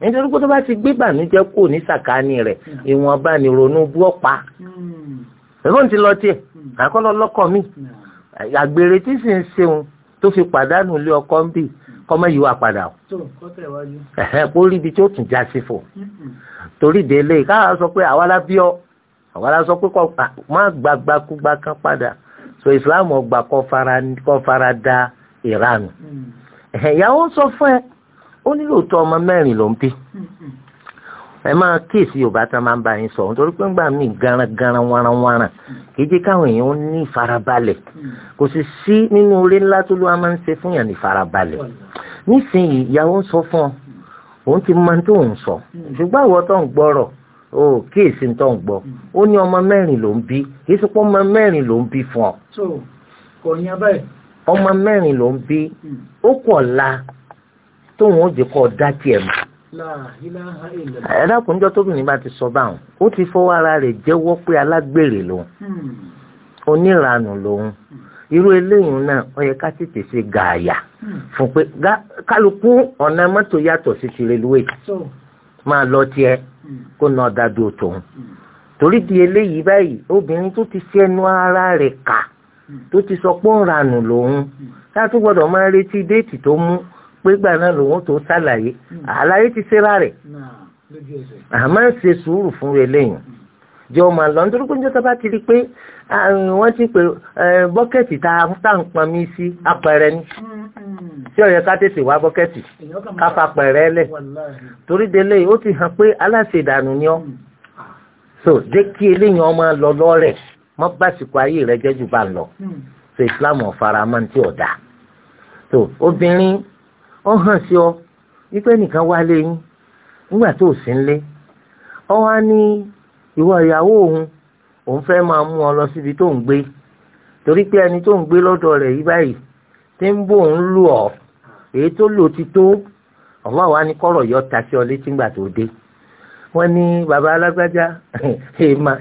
Speaker 2: nítorí pé tó bá ti gbé bànújẹ́ kò ní sàkání rẹ̀ ìwọ̀nba ni ronú bú ọ̀pá ẹ̀fọ́n ti lọ tiẹ̀ àkọ́lọ́ lọ́kọ̀ mi. Mm àgbèrè tí sì ń ṣeun tó fi pàdánù ilé ọkọ ń bì kọ́mọ yìí wà padà o. kó rí ibi tí ó tún já sí fò. torí délé káwa sọ pé àwa la bí ọ àwa la sọ pé kọ má gbagbakúgba kan padà so Islam ọgbà kọ fara da ìranù. Mm. ìyàwó sọ fún ẹ ó nílò tó ọmọ mẹ́rin ló ń bí ẹ máa kíyèsí yorùbá tá a máa ń bá yín sọ nítorí pé ńgbà mí garan garan waran waran kì í jẹ́ káwọn èèyàn ó ní ìfarabalẹ̀ kò sì sí nínú oore ńlá tó ló wá máa ń ṣe fún yàn ní ìfarabalẹ̀ nísìnyí ìyàwó ń sọ fún ọ òun ti máa ń tó òun sọ ṣùgbọ́n àwọn tó ń gbọ́rọ̀ o kíyèsí tó ń gbọ́ ó ní ọmọ mẹ́rin ló ń bí kì í sọ pé ọmọ mẹ́rin ló ń bí fún ọ. ọmọ mẹ́rin ló ń bí ó
Speaker 3: ẹ
Speaker 2: dákunjọ tóbìnrin bá ti sọ báwọn ó ti fọwọ́ ara rẹ̀ jẹ́wọ́ pé alágbèrè lòun hmm. oníranù lòun hmm. irú eléyìí náà ó yẹ ká tètè ṣe gààyà hmm. fún pé kálukú ọ̀nà mọ́tò yàtọ̀ sí ti reluwé máa lọ tiẹ̀ kó na ọ̀dà do tòun torí di eléyìí báyìí obìnrin tó ti fi ẹnu ara rẹ̀ kà tó ti sọ pé ó ń ranù lòun láti gbọ́dọ̀ máa retí déètì tó mú pé gbà náà lòun tó ṣàlàyé hmm. àlàyé ti ṣera rẹ̀ àmọ́ ń ṣe sùúrù fún rẹ̀ lẹ́yìn hmm. jọ máa lọ nítorí pé níjọba bá ti rí pé wọ́n ti pè bọ́kẹ́tì tá a ń pọn mi sí apẹ̀rẹ̀ ni tí hmm. ó ká tètè wá bọ́kẹ́tì ká fa pẹ̀rẹ̀ lẹ̀ torí délé ó ti hàn pé aláṣẹ ìdànù ni ọ́ so jẹ́ kí eléyìí ọmọ lọ lọ́rẹ̀ mọ́ básìkò ayé rẹ̀ jẹ́ bá lọ so Islam ọ̀fara máa ń tí ọ̀dà so obìnrin ọ hàn sí ọ wípé nìkan wá lé nígbà tó ò sí nílé ọ wá ní ìwọ ìyàwó òun òun fẹ́ máa mú ọ lọ síbi tó ń gbé torí pé ẹni tó ń gbé lọ́dọ̀ rẹ̀ yí báyìí tí ń bò ń lù ọ́ èyí tó lò ti tó ọ̀wá wa ní kọ́rọ̀ yọ ta sí ọ létí ńgbà tó dé wọ́n ní bàbá alágbájá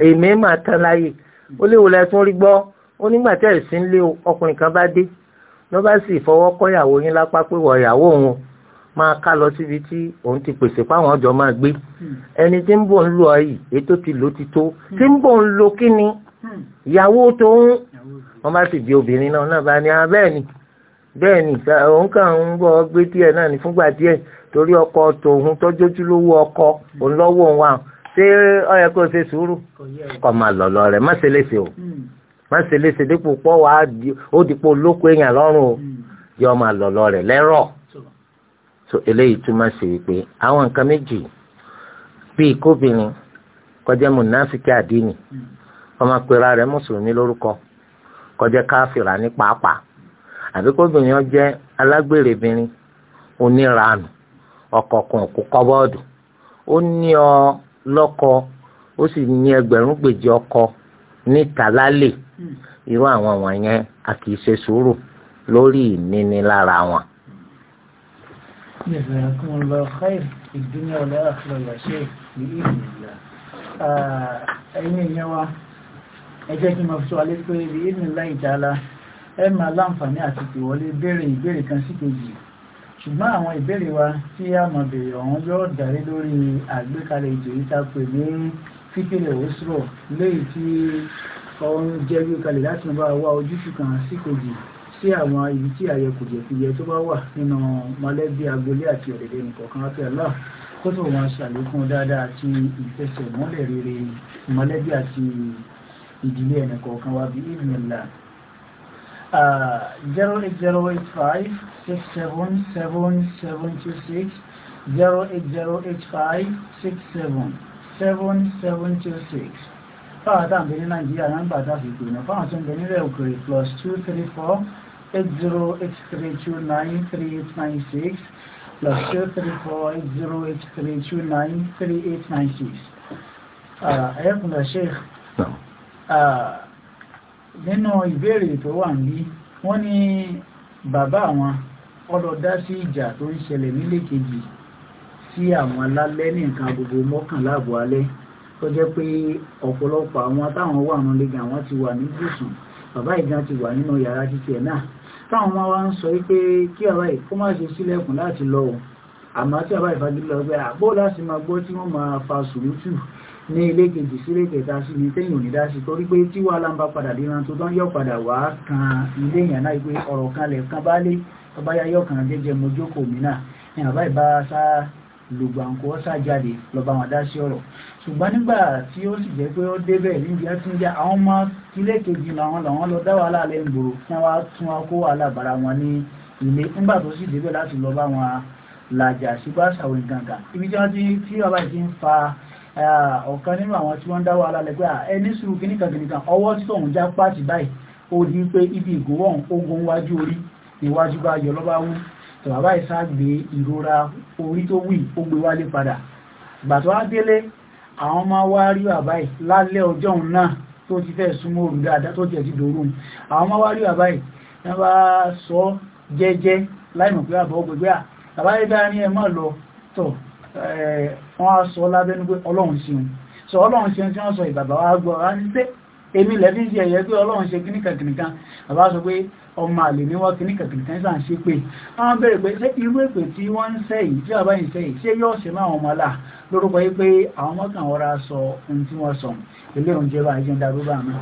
Speaker 2: èmi máa tán láyè ó léwu lẹ́tún rí gbọ́ ó nígbà tẹ́ sí ń lé ọkùnrin kan bá dé ló bá sì fọwọ́ kọ́yàwó yín lápá pé wọ ìyàwó òun máa ká lọ síbi tí òun ti pèsè fáwọn ọjọ́ máa gbé hmm. ẹni tí ń bò ń lò ọyì ètò ti lò ti tó hmm. tí ń bò ń lo kí ni hmm. ìyàwó tó ń wọ́n bá sì di obìnrin náà náà bá ní ah bẹ́ẹ̀ ni bẹ́ẹ̀ ni òun kàn ń bọ̀ gbé díẹ̀ náà ní fúngbà díẹ̀ torí ọkọ tòun tọ́jọ́jú lówó ọkọ òun lọ́wọ́ òun wa ṣé ó yẹ kó ṣe sùúrù kọ́ máa lọ̀ lọ rẹ̀ má ṣe léṣe o. má ṣe léṣe dípò pọ̀ wá ó dìpọ̀ olóko èèyàn lọ́rùn o hmm. yọ ọmọ àlọ́lọ́ rẹ̀ lẹ́rọ̀ so eléyìí túmọ̀ sí wípé àwọn nǹkan méjì bíi kóbìnrin kọjá mùnáfíkì àdínì ọmọ hmm. pera rẹ̀ mùsùlùmí lórúkọ kọjá káfíra ní pàápàá àbí kóbìnrin ọjẹ́ alágbèrèbìnrin oníranù ọkọ̀ọ̀kan òkú kọ́bọ́ọ̀dù ó ní ọ lọ́kọ ó sì ní ẹgbẹ̀rún gbèjì ọkọ níta lálẹ́ irú àwọn wọ̀nyẹn a kì í ṣe sùúrù lórí ìnínilára wọn.
Speaker 1: ẹ̀yin èèyàn wa ẹ jẹ́ kí n máa fi sọ alẹ́ pé ibi ìnìlá ìjàlá ẹ máa láǹfààní àti ìwọlé béèrè ìbéèrè kan sí kejì ṣùgbọ́n àwọn ìbéèrè wa tí a máa béèrè ọ̀hún yóò darí lórí àgbékalẹ̀ ètò yìí pè ní fíkìlẹ̀ òṣùrọ̀ léyìí tí òun jẹ́ gbé kalẹ̀ láti máa bá wa ojútùú kan sí kejì sí àwọn ibi tí àyẹ kùjẹkùjẹ tó bá wà nínú mọ̀lẹ́bí agboolé àti ọ̀dẹ̀dẹ̀ nìkọ̀ọ̀kan àti Allah kó tó wọn ṣàlékún dáadáa àti ìfẹsẹ̀múlẹ̀ rere mọ̀lẹ́bí àti ìdílé ẹnìkọ̀ọ̀kan wa bí ìrìnlá 08085677726 08085677726 fáwọn tá à ń bẹ ní nàìjíríà náà ń gbà dá fìgbò náà fáwọn plus two three four eight zero eight three two nine three eight nine six plus two three four eight zero eight three two nine three eight nine six. Ah, ẹ̀ẹ́dùnlẹ̀ sheikh ah, nínú ìbéèrè tó wà níbí wọ́n ní bàbá àwọn ọlọ́dá sí ìjà tó ń ṣẹlẹ̀ nílé kejì sí àwọn alálẹ́ ní nǹkan gbogbo mọ́kànlá àbọ̀ alẹ́ tó jẹ́ pé ọ̀pọ̀lọpọ̀ àwọn táwọn wà nù lẹ́gàn àwọn ti wà ní gúúsùn bàbá ìgbọ́n ti wà nínú yàrá títí ẹ̀ náà táwọn máa wá ń sọ wípé kí àbá ìkó má ṣe sílẹ̀kùn láti lọ o àmọ́ tí àbá ìfagilọ pé àbó láti máa gbọ́ tí wọ́n máa fa sùúrùtù ní ilé kejì sílé kẹta sí ni tẹ́yìn ònídá sí torí pé tí wàhálà ń padà dé tó tán yọ padà wá kan ilé yẹn náà pé ọ̀rọ̀ kan lẹ̀ kan bá lé ọba yá yọkàn jẹ́jẹ́ mojókòó mi ni àbá ìbá sá lùgbàǹkó sá jáde lọ́ba wọn dá sí ọ̀rọ̀ ṣùgbọ́n nígbà tí ó sì jẹ́ pé ó débẹ̀ níbi ẹ tún jẹ́ àwọn ọmọ ilé kejì làwọn làwọn lọ dá wàhálà lẹ́yìn gbòòrò kí wọ́n tún wá kó wàhálà bára wọn ní ilé nígbà tó sì débẹ̀ láti lọ bá wọn làjà sígbà ṣàwọn ìgàngà ibi tí wọ́n ti tí bàbá yìí ti ń fa ọ̀kan nínú àwọn tí wọ́n dá wàhálà lẹ́gbẹ́ ẹni sùúrù kìnnìkan kìnnìkan ọwọ́ tí tọ̀hún já pàtì báyìí ó di pé ibi ìgòwọ̀n àwọn máa wá rí bàbá yìí lálẹ́ ọjọ́ náà tó ti fẹ́ súnmọ́ òru dáadáa tó tiẹ̀ ti dòrú àwọn máa wá rí bàbá yìí wọ́n bá sọ jẹ́jẹ́ láìmọ̀ pé àbọ̀ gbogbo à bàbá yìí dáa ní ẹ má lọ tọ̀ wọ́n á sọ lábẹ́nu pé ọlọ́run ṣeun sọ ọlọ́run ṣeun tí wọ́n sọ ìbàbá wa gbọ́ wa lẹ́bí ṣe ẹ̀yẹ pé ọlọ́run ṣe kíníkan kíníkan bàbá sọ pé ọmọ àlè ní wọ́n kìíní kẹ̀kẹ́ tẹ́sán ṣe pé wọ́n bẹ̀rẹ̀ pé ṣé irú èpè tí wọ́n ń sẹ́yìn tí bàbá yìí sẹ́yìn ṣé yóò ṣe máa wọn mọ́lá lórúkọ yìí pé àwọn mọ́kàn wọ́n ra sọ ohun tí wọ́n sọ ilé oúnjẹ bá jẹ́ darú bá mi.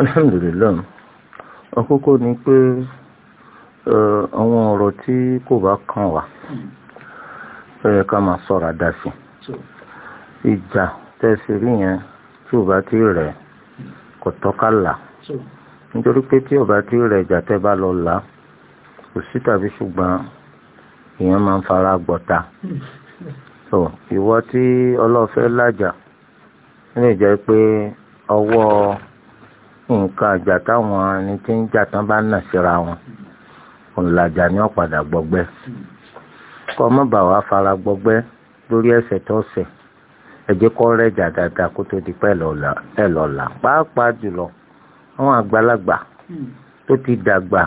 Speaker 2: alhamdulillah àkọ́kọ́ ni pé àwọn ọ̀rọ̀ tí kò bá kàn wá ó yẹ ká máa sọ̀rọ̀ dá sí ìjà tẹ̀sí rí yẹn tí ò bá ti rẹ̀ kò tọ́kàlà nítorí pé tí ọba tí rẹ̀ ìjà tẹ́ bá lọ là kò sí tàbí ṣùgbọ́n èèyàn máa ń fara gbọ̀ta so ìwọ tí ọlọ́fẹ́ lájà lè jẹ́ pé ọwọ́ nǹkan àjà táwọn ẹni tí ń jà tán bá nà síra wọn òǹlàjà ni ó padà gbọgbẹ́ kọ́ mọ́ bà wá fara gbọgbẹ́ lórí ẹsẹ̀ tó ṣẹ̀ ẹ̀jẹ̀ kọ́ rẹ̀ jà dáadáa kó tó di pẹ́ lọ́la pàápàá jùlọ àwọn àgbàlagbà tó ti dàgbà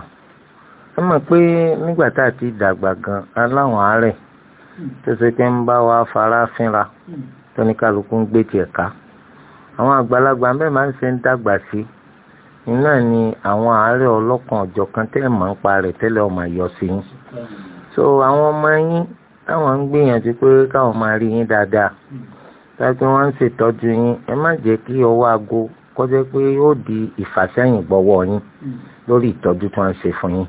Speaker 2: ẹ mọ̀ pé nígbà tá a ti dàgbà gan aláwọn àárẹ̀ tó ṣe pé ń bá wa fara fínra tó ní kálukú ń gbé tiẹ̀ ká àwọn àgbàlagbà bẹ́ẹ̀ máa ń ṣe ń dàgbà sí iná ni àwọn àárẹ̀ ọlọ́kan ọ̀jọ̀kan tẹ́ ẹ̀ máa ń parẹ̀ tẹ́lẹ̀ ọmọ ayọ̀ sí yín so àwọn ọmọ yín táwọn ń gbìyànjú pé káwọn máa rí yín dáadáa táwọn wọ́n ń ṣètọ́jú yín ẹ má jẹ́ kí ọwọ́ aago kọjá pé yóò di ìfàsẹ́yìn gbọ́wọ́ yín hmm. lórí ìtọ́jú tó ń ṣe fún yín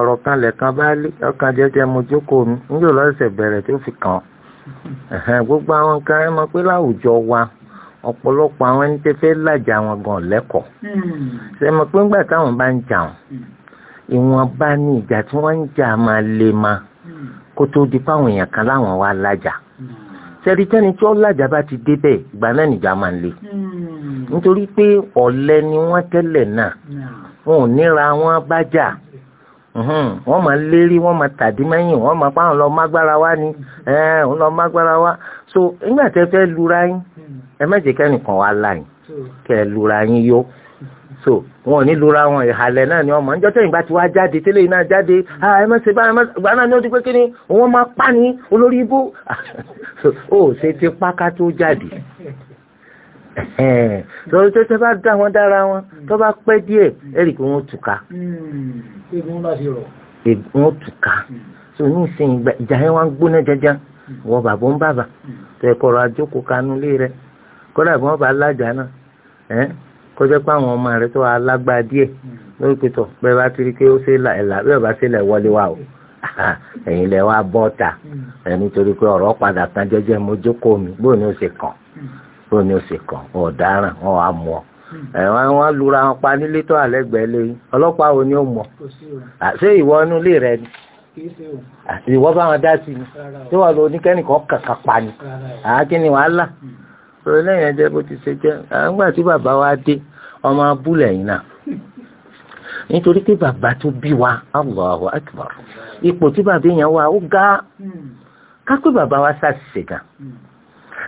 Speaker 2: ọ̀rọ̀ kan lẹ̀kan bá lé ọkàn jẹ́jẹ́ mo jókòó mi níjò lọ́sẹ̀ bẹ̀rẹ̀ tó fi kàn gbogbo àwọn nǹkan ẹ mọ̀ pé láwùjọ wa ọ̀pọ̀lọpọ̀ àwọn ẹni tẹ́ fẹ́ làjà wọn gan lẹ́kọ̀ọ́
Speaker 3: hmm.
Speaker 2: ṣe mọ̀ pé ńgbà táwọn bá ń jà wọn
Speaker 3: hmm.
Speaker 2: ìwọ̀n bá ní ìjà tí wọ́n ń jà máa le ma kó tó di páwọn èèyàn kan láwọn wá làjà ṣẹ́rí tẹ́ni tí ó làjà bá ti débẹ̀ ìgbà náà nìjà máa le. Mm nítorí pé ọ̀lẹ ni wọ́n tẹ́lẹ̀ náà wọn ò níra wọn bá jà wọ́n máa lérí wọ́n máa tàdí mẹ́yìn wọ́n máa pàrọ̀ lọ mágbára wá ni ẹ̀ẹ́n lọ mágbára wá so nígbà tẹ́ fẹ́ lura yín ẹ mẹ́jẹ̀ kẹ́nìkan wá láyìn kẹ́ ẹ lura yín yó so wọn ò ní lura wọn ìhàlẹ̀ náà ni ọmọ níjọ́ tẹ́yìn bá ti wá jáde tẹ́lẹ̀ iná jáde ẹ mẹ́sẹ̀ bá ìgbà náà ni ó ti pé kíni wọ́n máa pa ní olórí ibú <laughs> ó ṣe ti pákà tó jáde torí tó tẹ bá dá wọn dára wọn tó bá pẹ́ díẹ̀ ẹ̀rì pé wọ́n túká wọ́n túká tó ní ìsìn ìjà yẹn wọ́n gbóná jẹjẹ wọ́n bàbá ń bàbà tẹ kọ̀rọ̀ àjókòó kanú lé rẹ kódà bí wọ́n bá lájà náà kọjá pé àwọn ọmọ rẹ tó wà lágbára díẹ̀ lórí pé tọ̀ bẹ́ẹ̀ bá ti rí pé ó ṣe là ẹ̀là bẹ́ẹ̀ bá ṣe lẹ̀ wọlé wa o ẹ̀yin lẹ wá bọ́ ta nítorí pé ọ̀rọ̀ padà kan jẹ́jẹ́ mojókòó mi bóun ni ó ṣe kàn o ni ó sì ọ̀daràn wọn wà mọ́ ẹ̀wọ̀n wọn lura wọn pa nílé tó àlẹ́gbẹ̀ẹ́ lé ọlọ́pàá wo ni ó mọ̀ ṣé ìwọ inú ilé rẹ ni ìwọ bá wọn dá sí ni tí wọn lọ oníkẹ́nìkan kàkà pa ni àákí ni wàhálà hmm. lẹ́yìn bó ti ṣe jẹ́ àgbà tí bàbá wa dé ọmọ abúlé yìí náà <laughs> bàbá wa ipò tí wà ó ga hmm. ká pé bàbá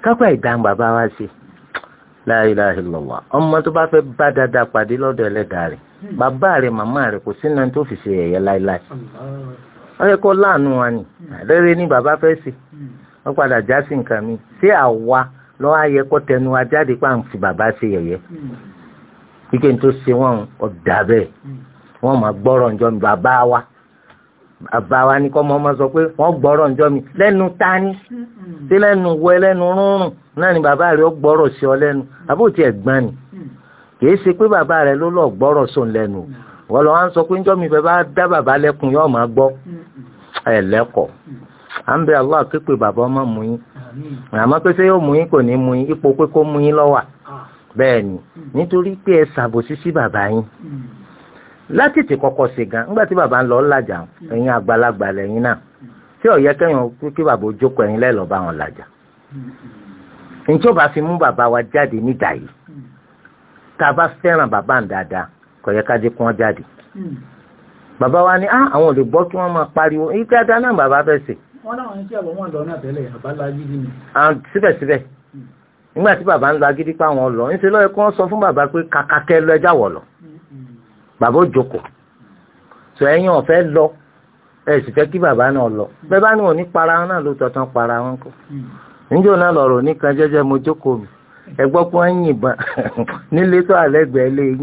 Speaker 2: kápá ìdáhùn bàbá wa ṣe la ilaha illallah ọmọ tó bá fẹ́ bá dáadáa pàdé lọ́dọ̀ ẹlẹ́dàá rẹ̀ bàbá rẹ̀ màmá rẹ̀ kò sínú ẹni tó fi ṣe ẹ̀yẹ láéláé ó yẹ kó láàánú wa ni rere ni bàbá fẹ́ ṣe wọ́n padà já sí nǹkan mi ṣé àwa lọ́wọ́ ayẹ kó tẹnu wa jáde pa ń fi bàbá ṣe yẹ̀yẹ́ kíkẹ́ ní tó ṣe wọ́n ọ̀dà bẹ́ẹ̀ wọ́n máa gbọ́rọ̀ ǹjọ́ bàbá wa bàbá wa ní kọ́ mọ́ ọmọ sọ pé wọ́n gbọ́rọ̀ ǹjọ́ mi lẹ́nu tání sí lẹ́nu wọ ẹlẹ́nu rúnrún náà ni bàbá rẹ̀ ó gbọ́rọ̀ sí ọ lẹ́nu àbóòtí ẹ̀gbọ́n ni kì í ṣe pé bàbá rẹ̀ ló lọ gbọ́rọ̀ sóun lẹ́nu wọ́n lọ́ wá ń sọ pé ǹjọ́ mi bàbá dá bàbá lẹ́kùn yóò máa gbọ́ ẹ̀ lẹ́kọ̀ọ́ à ń bẹ Allah képe bàbá ọmọ mú yín àmọ́ pé ṣé yóò mú yín kò ní mú yín ipò pé kó mú yín lọ́wà bẹ́ẹ̀ ni nítorí pé ẹ ṣàbòsí sí bàbá yín látètè kọ́kọ́ ṣe gan nígbà tí bàbá ń lọ làjà ẹ̀yin àgbàlagbà lẹ́yìn náà tí ó yẹ kẹ́yìn kí bàbá ojókòó ẹ̀yin lẹ́lọ́ bá wọn làjà njẹ́ ó bá fi mú bàbá wa jáde níta yìí tá a bá fẹ́ràn bàbá ń dáadáa kò yẹ ká jẹ́ kí wọ́n jáde bàbá wa ní ah, àwọn ò gbọ́ kí wọ́n máa pariwo èyí tí a náà bàbá fẹ́ sè.
Speaker 1: wọ́n náà ń kí àbọ̀ wọn lọ náà
Speaker 2: tẹ́lẹ̀ àbálá yíyí ni. síbẹ̀síbẹ̀ nígbà tí bàbá ń lọ agídí pa àwọn lọ ńṣe lọ́yẹ kí wọ́n bàbá òjòkó sọ ẹ̀yin ọ̀fẹ́ lọ ẹ sì fẹ́ kí bàbá náà lọ bẹ́ẹ̀ bá ní òní para wọn náà ló tọ̀tàn para wọn kọ́ níjó náà lọ̀rọ̀ oníkan jẹ́jẹ́ mo jókòó mi ẹ gbọ́ pé wọ́n ń yìnbọn <laughs> nílé tó àlẹ́gbẹ̀ẹ́ lé yín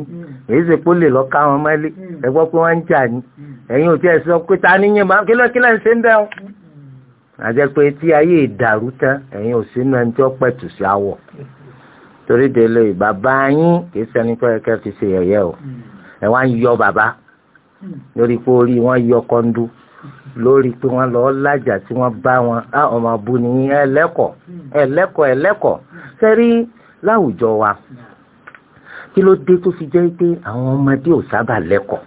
Speaker 2: èyí sì kó lè lọ ká wọn mọ́lé ẹ gbọ́ pé wọ́n ń jà ní ẹ̀yin ò tí ẹ sọ pé ta ní yìnbọn kílẹ̀kílẹ̀ ń ṣe ń bẹ́ ọ. àjẹ́ pé tí ayé ìdàrú tán ẹ̀yin ò sínú ẹni tí ó pẹ̀tù sí àwọ̀ torí délé bàbá yín kì í ṣẹni tó yẹ kẹ́ fi ṣe yẹ̀yẹ́ o ẹ wá ń yọ bàbá lórí pé orí wọn yọ kọ́ńdú lórí pé wọ́n lọ lájà tí wọ́n bá wọn á ọmọ bu ní ẹlẹ́kọ̀ọ́ ẹlẹ́kọ̀ọ́ ẹlẹ́kọ̀ọ́ sẹ́rí láwùjọ wa kí ló dé tó fi jẹ́ pé àwọn ọmọdé ò sábà lẹ́kọ̀ọ́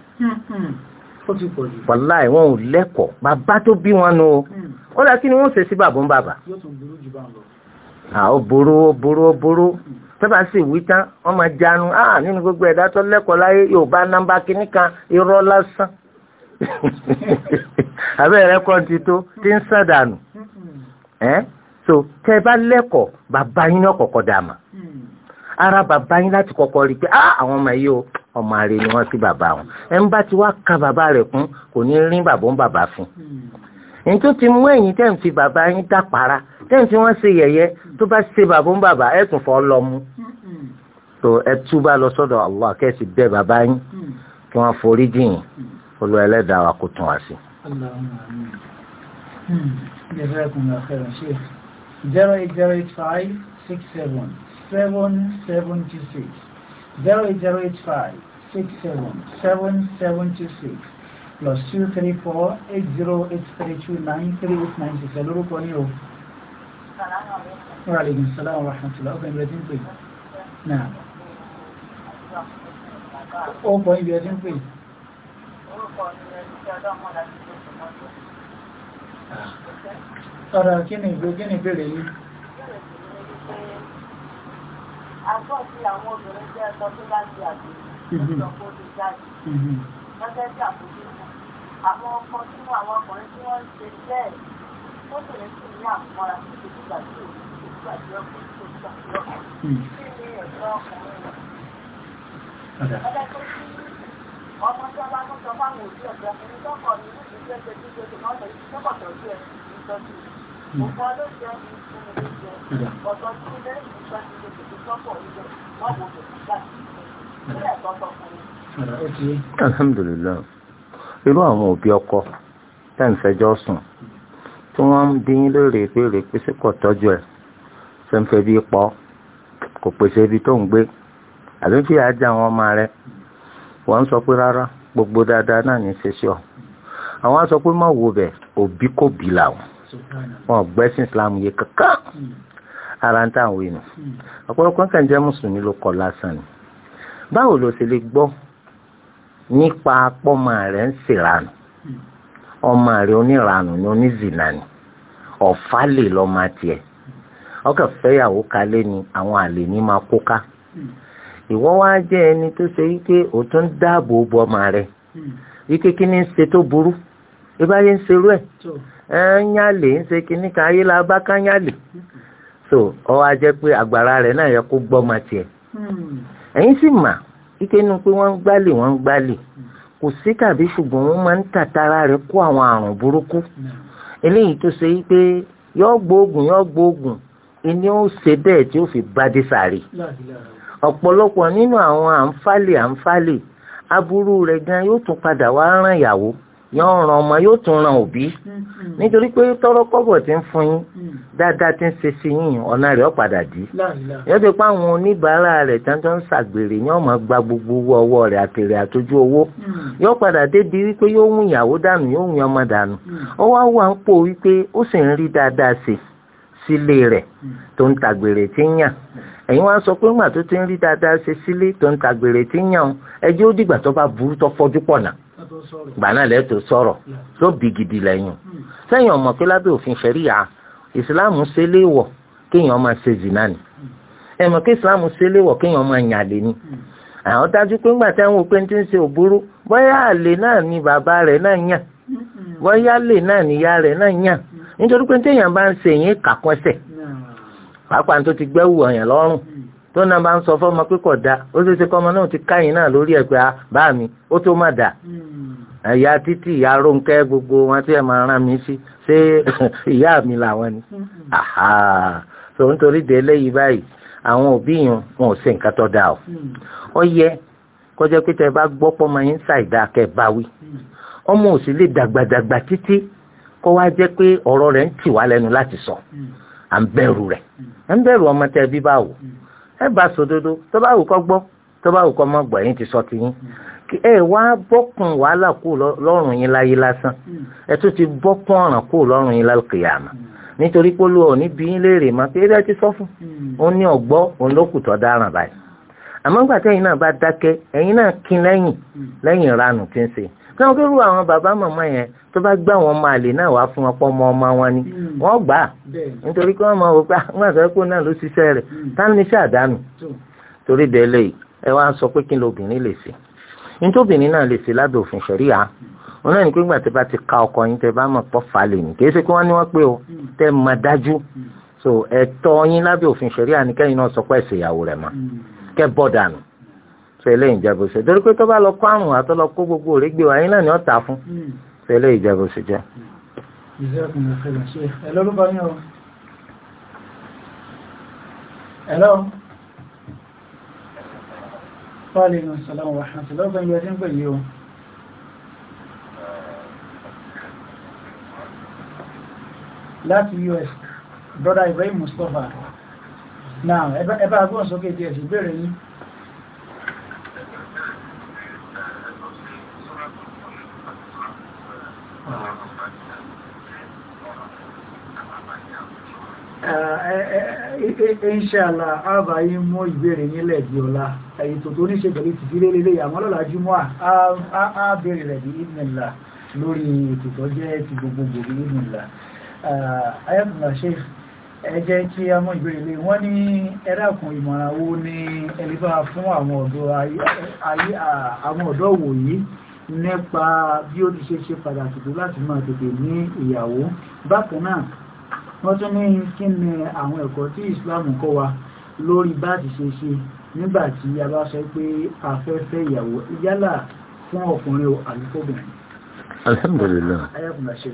Speaker 2: wàlá ìwọ̀n ò lẹ́kọ̀ọ́ bàbá tó bí wọn nu ó dá kí ni wọ́n ṣe sí bàbá ń bàbá ó burú burú burú tọ́ba sì wí tán wọ́n máa jánu áà nínú gbogbo ẹ̀dá tó lẹ́kọ̀ọ́ láyé yóò bá nọ́mbà kínní kan irọ́ lásán abẹ́ <laughs> rẹ kọ́ ti tó ti ń sàn dànù ẹ́ so tẹ́ ẹ bá lẹ́kọ̀ọ́ bàbá yín náà kọ̀kọ́ dà mà ara bàbá yín láti kọ́kọ́ rí pé ah àwọn ọmọ yìí o ọmọ àrè ni wọ́n sí bàbá wọn ẹ ń bá ti wá ka bàbá rẹ̀ kún kò ní rí bàbá ń bàbá fún un ètò ti mú ẹ̀yìn tẹ́ ń fi bàbá yín dàpara tẹ́yìn tí wọ́n ṣe yẹ̀yẹ́ tó bá ṣe bàbá ń bàbá ẹ̀ tún fọ́ lọ mú tó ẹ túbà lọ sọ́dọ̀ Allah kẹ́sì bẹ́ bàbá yín kí wọ́n forí jìn olú ẹlẹ́dàá wa kó tún wá sí.
Speaker 1: Hmm. zero eight zero eight five six seven seven seven two six zero eight zero eight five six seven seven seven two six plus two three four eight zero eight three two nine three eight nine six ẹ lórúkọ ní o. Wa السلام ورحمة الله وبركاته Ọkọ̀ ìbẹ̀rẹ̀ tí ń pè. Náà. Ọkọ̀ ìbẹ̀rẹ̀ tí ń pè. Ọ̀rọ̀ kí ni ìgbó kí ni ìbéèrè yìí? Àgbọ́ sí àwọn obìnrin jẹ́ ẹ̀kọ́ tó bá ti àgbèrè, ti jáde. Lọ́jọ́ sí àpòjú àwọn ọkọ̀ tí àwọn ọkùnrin tí wọ́n ń ṣe Ọmọ hmm. hmm.
Speaker 2: Alhamdulillah, irú àwọn òbí ọkọ tẹ́ sùn tí wọ́n ń dín lóòrè ìbéèrè pé ṣé kò tọ́jú ẹ̀ ṣe ń fẹ́ bí pọ́ kò pèsè ibi tó ń gbé àbí fi àjà àwọn ọmọ rẹ wọ́n sọ pé rárá gbogbo dáadáa náà ní ṣe ṣọ́ àwọn sọ pé má wo bẹ̀ òbí kò bí làwọn wọn gbẹ́sìn Islam yẹ kankan ara ń tàwọn èèyàn ọ̀pọ̀lọpọ̀ kàn jẹ́ mùsùlùmí ló kọ lásán ni báwo ló ṣe lè gbọ́ nípa pọ́mọ rẹ̀ ń ṣèrànù ọmọ rẹ oníranù ni onízìnà ni ọ̀fálè lọ́mọ tiẹ̀ ọkọ̀ fẹ́yàwó kalẹ̀ ni àwọn àlè ní máa kóká ìwọ́n wá jẹ́ ẹni tó ṣe wípé ó dáàbò bo ọmọ rẹ wípé kí ni ṣe tó burú so ọ wá pé àgbàrá náà yẹ kó gbọ́ ọmọ tiẹ̀ hmm. ẹ̀yin sì mà pé wọ́n kò sí tàbí ṣùgbọ́n wọ́n máa ń tàtara rẹ̀ kó àwọn àrùn burúkú eléyìí tó ṣe yí pé yọ gbóògùn yọ gbóògùn ìní ó ṣe bẹ́ẹ̀ tí ó fi bá dé ọ̀pọ̀lọpọ̀ nínú àwọn àǹfààlì àǹfààlì aburú rẹ̀ gan yóò tún padà wá rán ìyàwó yóò ran ọmọ yóò tún ran òbí mm, mm. nítorí pé tọrọ kọ́bọ̀ tí ń fún yín mm. dáadáa tí ń ṣe sí yín ọ̀nà rẹ̀ ó padà dí yóò ti pa àwọn oníbàárà rẹ̀ tọ́jọ́ ń ṣàgbèrè yóò máa gba gbogbo owó ọwọ́ rẹ̀ àtèrè àtọ́jú owó yóò padà débi wípé yóò wù ìyàwó dànù yóò wù ọmọ dànù ọwọ́ àwọn à ń pò wípé ó sì ń rí dáadáa sí sílé rẹ̀ tó ń tàgbèrè tí ń yàn ẹ̀yin wá sọ pé ńgbà tó ti ń rí dáadáa ṣe sílé tó ń tàgbèrè tí ń yàn ẹjẹ́ ó dìgbà tó bá burú tó fọ́jú pọ̀ náà gbaná lẹ tó sọ̀rọ̀ tó bì gidi lẹ́yìn sẹ́yìn ọmọ pé lábẹ́ òfin ṣẹríya ìsìláàmù ṣe kéèyàn máa ṣe zìnà ni ẹ mọ̀ pé ìsìláàmù ṣe léèwọ̀ kéèyàn máa yàn àlè ni àwọn dájú pé ńgbà tí àwọn òpin ti ń ṣe òbúrú bóyá àlè náà ni bàbá rẹ̀ náà yàn bóyá àlè náà ni ìyá rẹ̀ náà yàn nítorí pé téèyàn bá ń ṣe yín kàkọ́sẹ̀ pàápàá tó ti gbẹ́wù ọ̀yàn lọ́rùn tó náà bá ń sọ fọ́mọ pé kò da ó ṣeéṣe kọ́mọ náà ti káyìn náà lórí ẹ̀ pé a ah, bá mi ó tó má da ẹ̀yà hmm. títí ìyá Rónkẹ́ gbogbo wọn tí ẹ̀ máa rán mi sí ṣé <laughs> ìyá mi làwọn ni tó ń torí de eléyìí báyìí àwọn òbí yìí wọn ò ṣe nǹkan tó da o hmm. ó yẹ kọjá pé tẹ bá gbọ́ pọ́mọ yín ṣàìdá kẹ bá wí hmm. ọmọ ò lè dàgbàdàgbà títí kó wá jẹ́ pé ọ̀rọ̀ rẹ̀ ń tì wá lẹ́nu láti sọ à ń bẹ̀rù rẹ̀ à ń bẹ̀rù ọmọ tẹ bí báwo. Mm. ẹ bá sòdodo tó bá wù kó gbọ́ tó bá wù kó yín ti sọ ti yín ẹ wá bọ́kùn wàhálà kù lọ́rùn yín láyé lásán ẹ tún ti bọ́kùn ọ̀ràn kù lọ́rùn yín lálùkìyàmà nítorí pé olú ọ̀ní yín léèrè máa pé ẹ ti sọ fún un ní ọ̀gbọ́ òun ló kù tó dáràn báyìí àmọ́ ńgbà tẹ́yìn náà bá dákẹ́ tí wọ́n kérú àwọn bàbá màmá yẹn tó bá gbá wọn máa lè náà wá fún ọ̀pọ̀ ọmọ ọmọ wọn ni hmm. wọ́n gbà á nítorí pé wọ́n máa wò pé àwọn ah, àgbẹ̀kọ́ náà ló ṣiṣẹ rẹ hmm. táwọn àdánù torí délé ẹ wá sọ pé kí ni obìnrin lè ṣe nítòbìnrin náà lè ṣe òfin wọn náà ní pé ti ka ọkọ yín bá so yín òfin ní sọ pé ìyàwó fẹlẹ ìjẹbù ṣe torí pé tó bá lọ kó àrùn àtọlọ kó gbogbo rẹ̀ gbé wáyé náà ni ọ̀tá fún fẹlẹ ìjẹbù ṣe jẹ. Hello.
Speaker 1: Fáàlìmọ̀ sàlámù wàhánsìlá ọgbọ̀n ìgbà tí ń Láti US, Brother Ibrahim Mustapha. Now, ẹbá agbóhùn sókè díẹ̀ sí ìbéèrè yìí. Inṣàlá àbá yí mọ́ ìbéèrè nílẹ̀ bí ọlá, ètò tó ní ṣe pẹ̀lú ti sílé lélé àmọ́ lọ́la jùmọ́ àbẹ̀rẹ̀ rẹ̀ bí ìdìnlá lórí ètò tó jẹ́ ti gbogbogbò bí ìdìnlá. Ayatollah Sheikh, ẹ kí nípa bí ó ti ṣe ṣe pàtàkì tó láti máa tètè ní ìyàwó bákan náà wọ́n tún ní kí ni àwọn ẹ̀kọ́ tí Islam kọ́ wa lórí bá ti ṣe ṣe nígbàtí a bá sọ pé a ìyàwó yálà fún ọkùnrin àlùfóbìnrin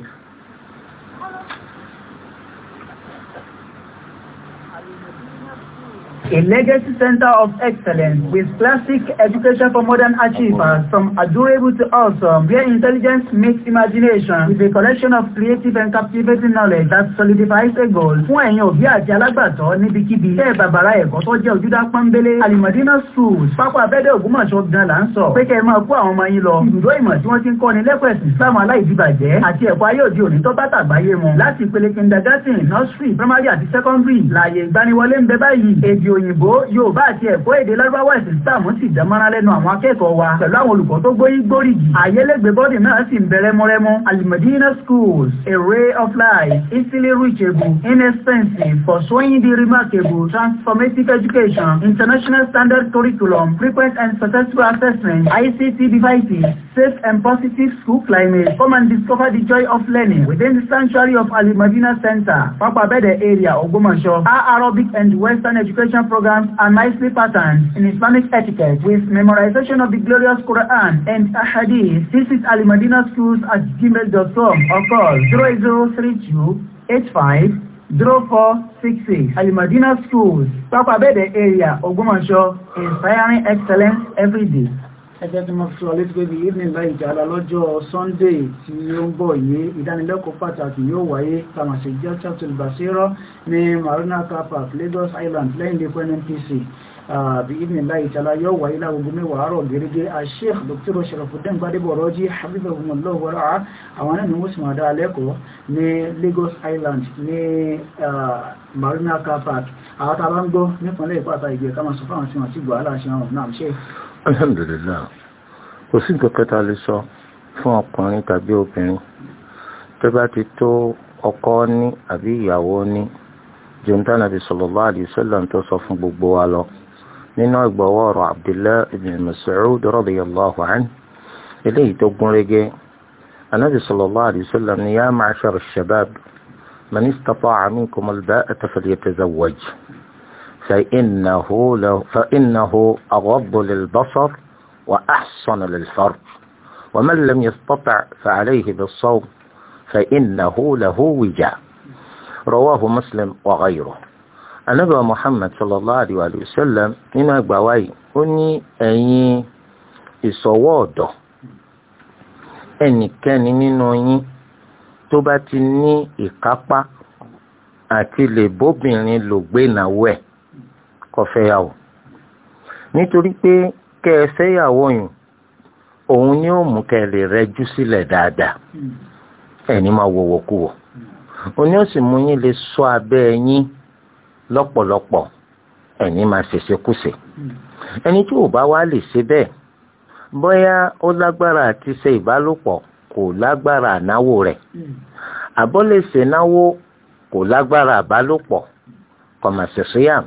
Speaker 1: a legacy center of excellence with classic education for modern achievers from adorable to awesome where intelligence meets imagination with a collection of creative and captivating knowledge that solidifies a goal fún ẹ̀yin òbí àti alágbàtọ́ níbikíbi ilé bàbàrà ẹ̀kọ́ tó jẹ́ ojúdá pọ́nbélé alimadina schools pápá abẹ́dẹ̀ ògbómọ̀ṣọ́ gan la ń sọ pé kẹ́ ẹ máa kó àwọn ọmọ yín lọ ibùdó ìmọ̀ tí wọ́n ti ń kọ́ni lẹ́kọ̀ọ́ ẹ̀sìn islam aláìdíbàjẹ́ àti ẹ̀kọ́ ayé òde òní tó bá tàgbáyé mu láti nursery primary àti secondary láàyè ìgbaniwọlé ń bẹ báyìí èdè òyìnbó yorùbá àti ẹ̀kọ́ èdè lárúbáwá ẹ̀sìn sáàmù sì lẹ́nu àwọn akẹ́kọ̀ọ́ wa pẹ̀lú àwọn olùkọ́ tó gbóyí gbóríjì àyẹlẹ́gbẹ́ bọ́ọ̀dì náà sì ń bẹ̀rẹ̀ mọ́rẹ́mọ́ alimadina schools a ray of light easily reachable inexpensive for showing the remarkable transformative education international standard curriculum frequent and successful assessment ICT devices safe and positive school climate come and discover the joy of learning within the sanctuary of alimadina center papabede area ogbomoso arabic and western education Quran programs and nightly patterns in Islamic etiquette with memorization of the glorious Quran and Ahadith. This is Ali Madina Schools at gmail.com or call 08032 85 0466. Ali Madina Schools, Papa Bede area, Ogbomoso, inspiring excellence every day ẹgbẹ́ tí mo fi wà létí pé bí evening láì jàlá lọ́jọ́ sunday tí ó ń bọ̀ yìí ìdánilẹ́kọ̀ọ́ pàtàkì yóò wáyé tàmàṣẹ jẹ́ chapter basiro ní marina car park lagos island lẹ́yìn lẹ́kọ́ nnpc bí evening láì jàlá yóò wáyé lágogo mẹ́wàá àárọ̀ gẹ́gẹ́ asheikh dr sharafuddin gbadebo rọ́jí habibullah wara àwọn náà ni wọ́n sì máa dá lẹ́kọ̀ọ́ ní lagos island ní marina car park àwọn tá a bá ń gbọ́ nípínlẹ̀ ìpàtà ìgbẹ́ ká máa sọ fáwọn tí wọ́n ti gbọ́ aláṣẹ àwọn náà ṣe
Speaker 2: alhamdulillah kò sí nǹkan kẹta lè sọ fún ọkùnrin tàbí obìnrin tó bá ti tó ọkọ ní àbí ìyàwó ní jùmtá nàbí sallallahu alaihi wasallam tó sọ fún gbogbo wa lọ nínú ìgbọ̀wọ́ ọ̀rọ̀ Abdullah ibn Mas'ud radiyallahu anhu eléyìí tó gún régé anabi sallallahu alaihi wasallam ni ya ma'ashar ash-shabab man istata'a minkum al-ba'ata falyatazawwaj فإنه, له فإنه أغض للبصر وأحصن للفرج ومن لم يستطع فعليه بالصوم فإنه له وجاء رواه مسلم وغيره أنبى محمد صلى الله عليه وسلم إن أقبوي أني أي إصواد أني كان نوي تبتني إقاقا أتي لبوبين لبين وي kó ya nítorí pé kẹ́ ẹ fẹ́yàwó yìí òun ni ó mú kẹ́ lè rẹjú sílẹ̀ dáadáa ẹni máa wọwọ kú ni ó sì mú yín lè sọ abẹ́ yín lọ́pọ̀lọpọ̀ ẹni máa ṣèṣe kùsè ẹni tí ò bá wá lè ṣe bẹ́ẹ̀ bóyá ó lágbára àti ṣe ìbálòpọ̀ kò lágbára ànáwó rẹ̀ àbọ̀lẹ̀ṣẹ̀ náwó kò lágbára àbálòpọ̀ kọ̀mọ̀ṣẹ̀ṣẹ̀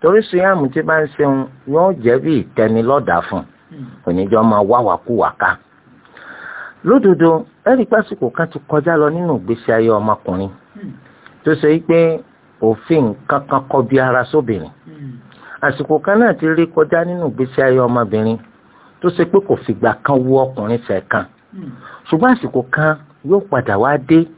Speaker 2: torí síyàmù tí bá ń ṣeun yóò jẹ́ bí ìtẹnilọ́dà fún oníjọ́ hmm. máa wáwàkúwà ká lódodo ẹ̀rí pásìkò kan ti kọjá lọ nínú ìgbésí ayé ọmọkùnrin hmm. tó ṣe pé òfin kankan kọ bí ara sóbìnrin hmm. àsìkò kan náà ti rí kọjá nínú ìgbésí ayé ọmọbìnrin tó ṣe pé kò fìgbà kan wú ọkùnrin ṣẹ̀kan ṣùgbọ́n àsìkò kan yóò padà wá dé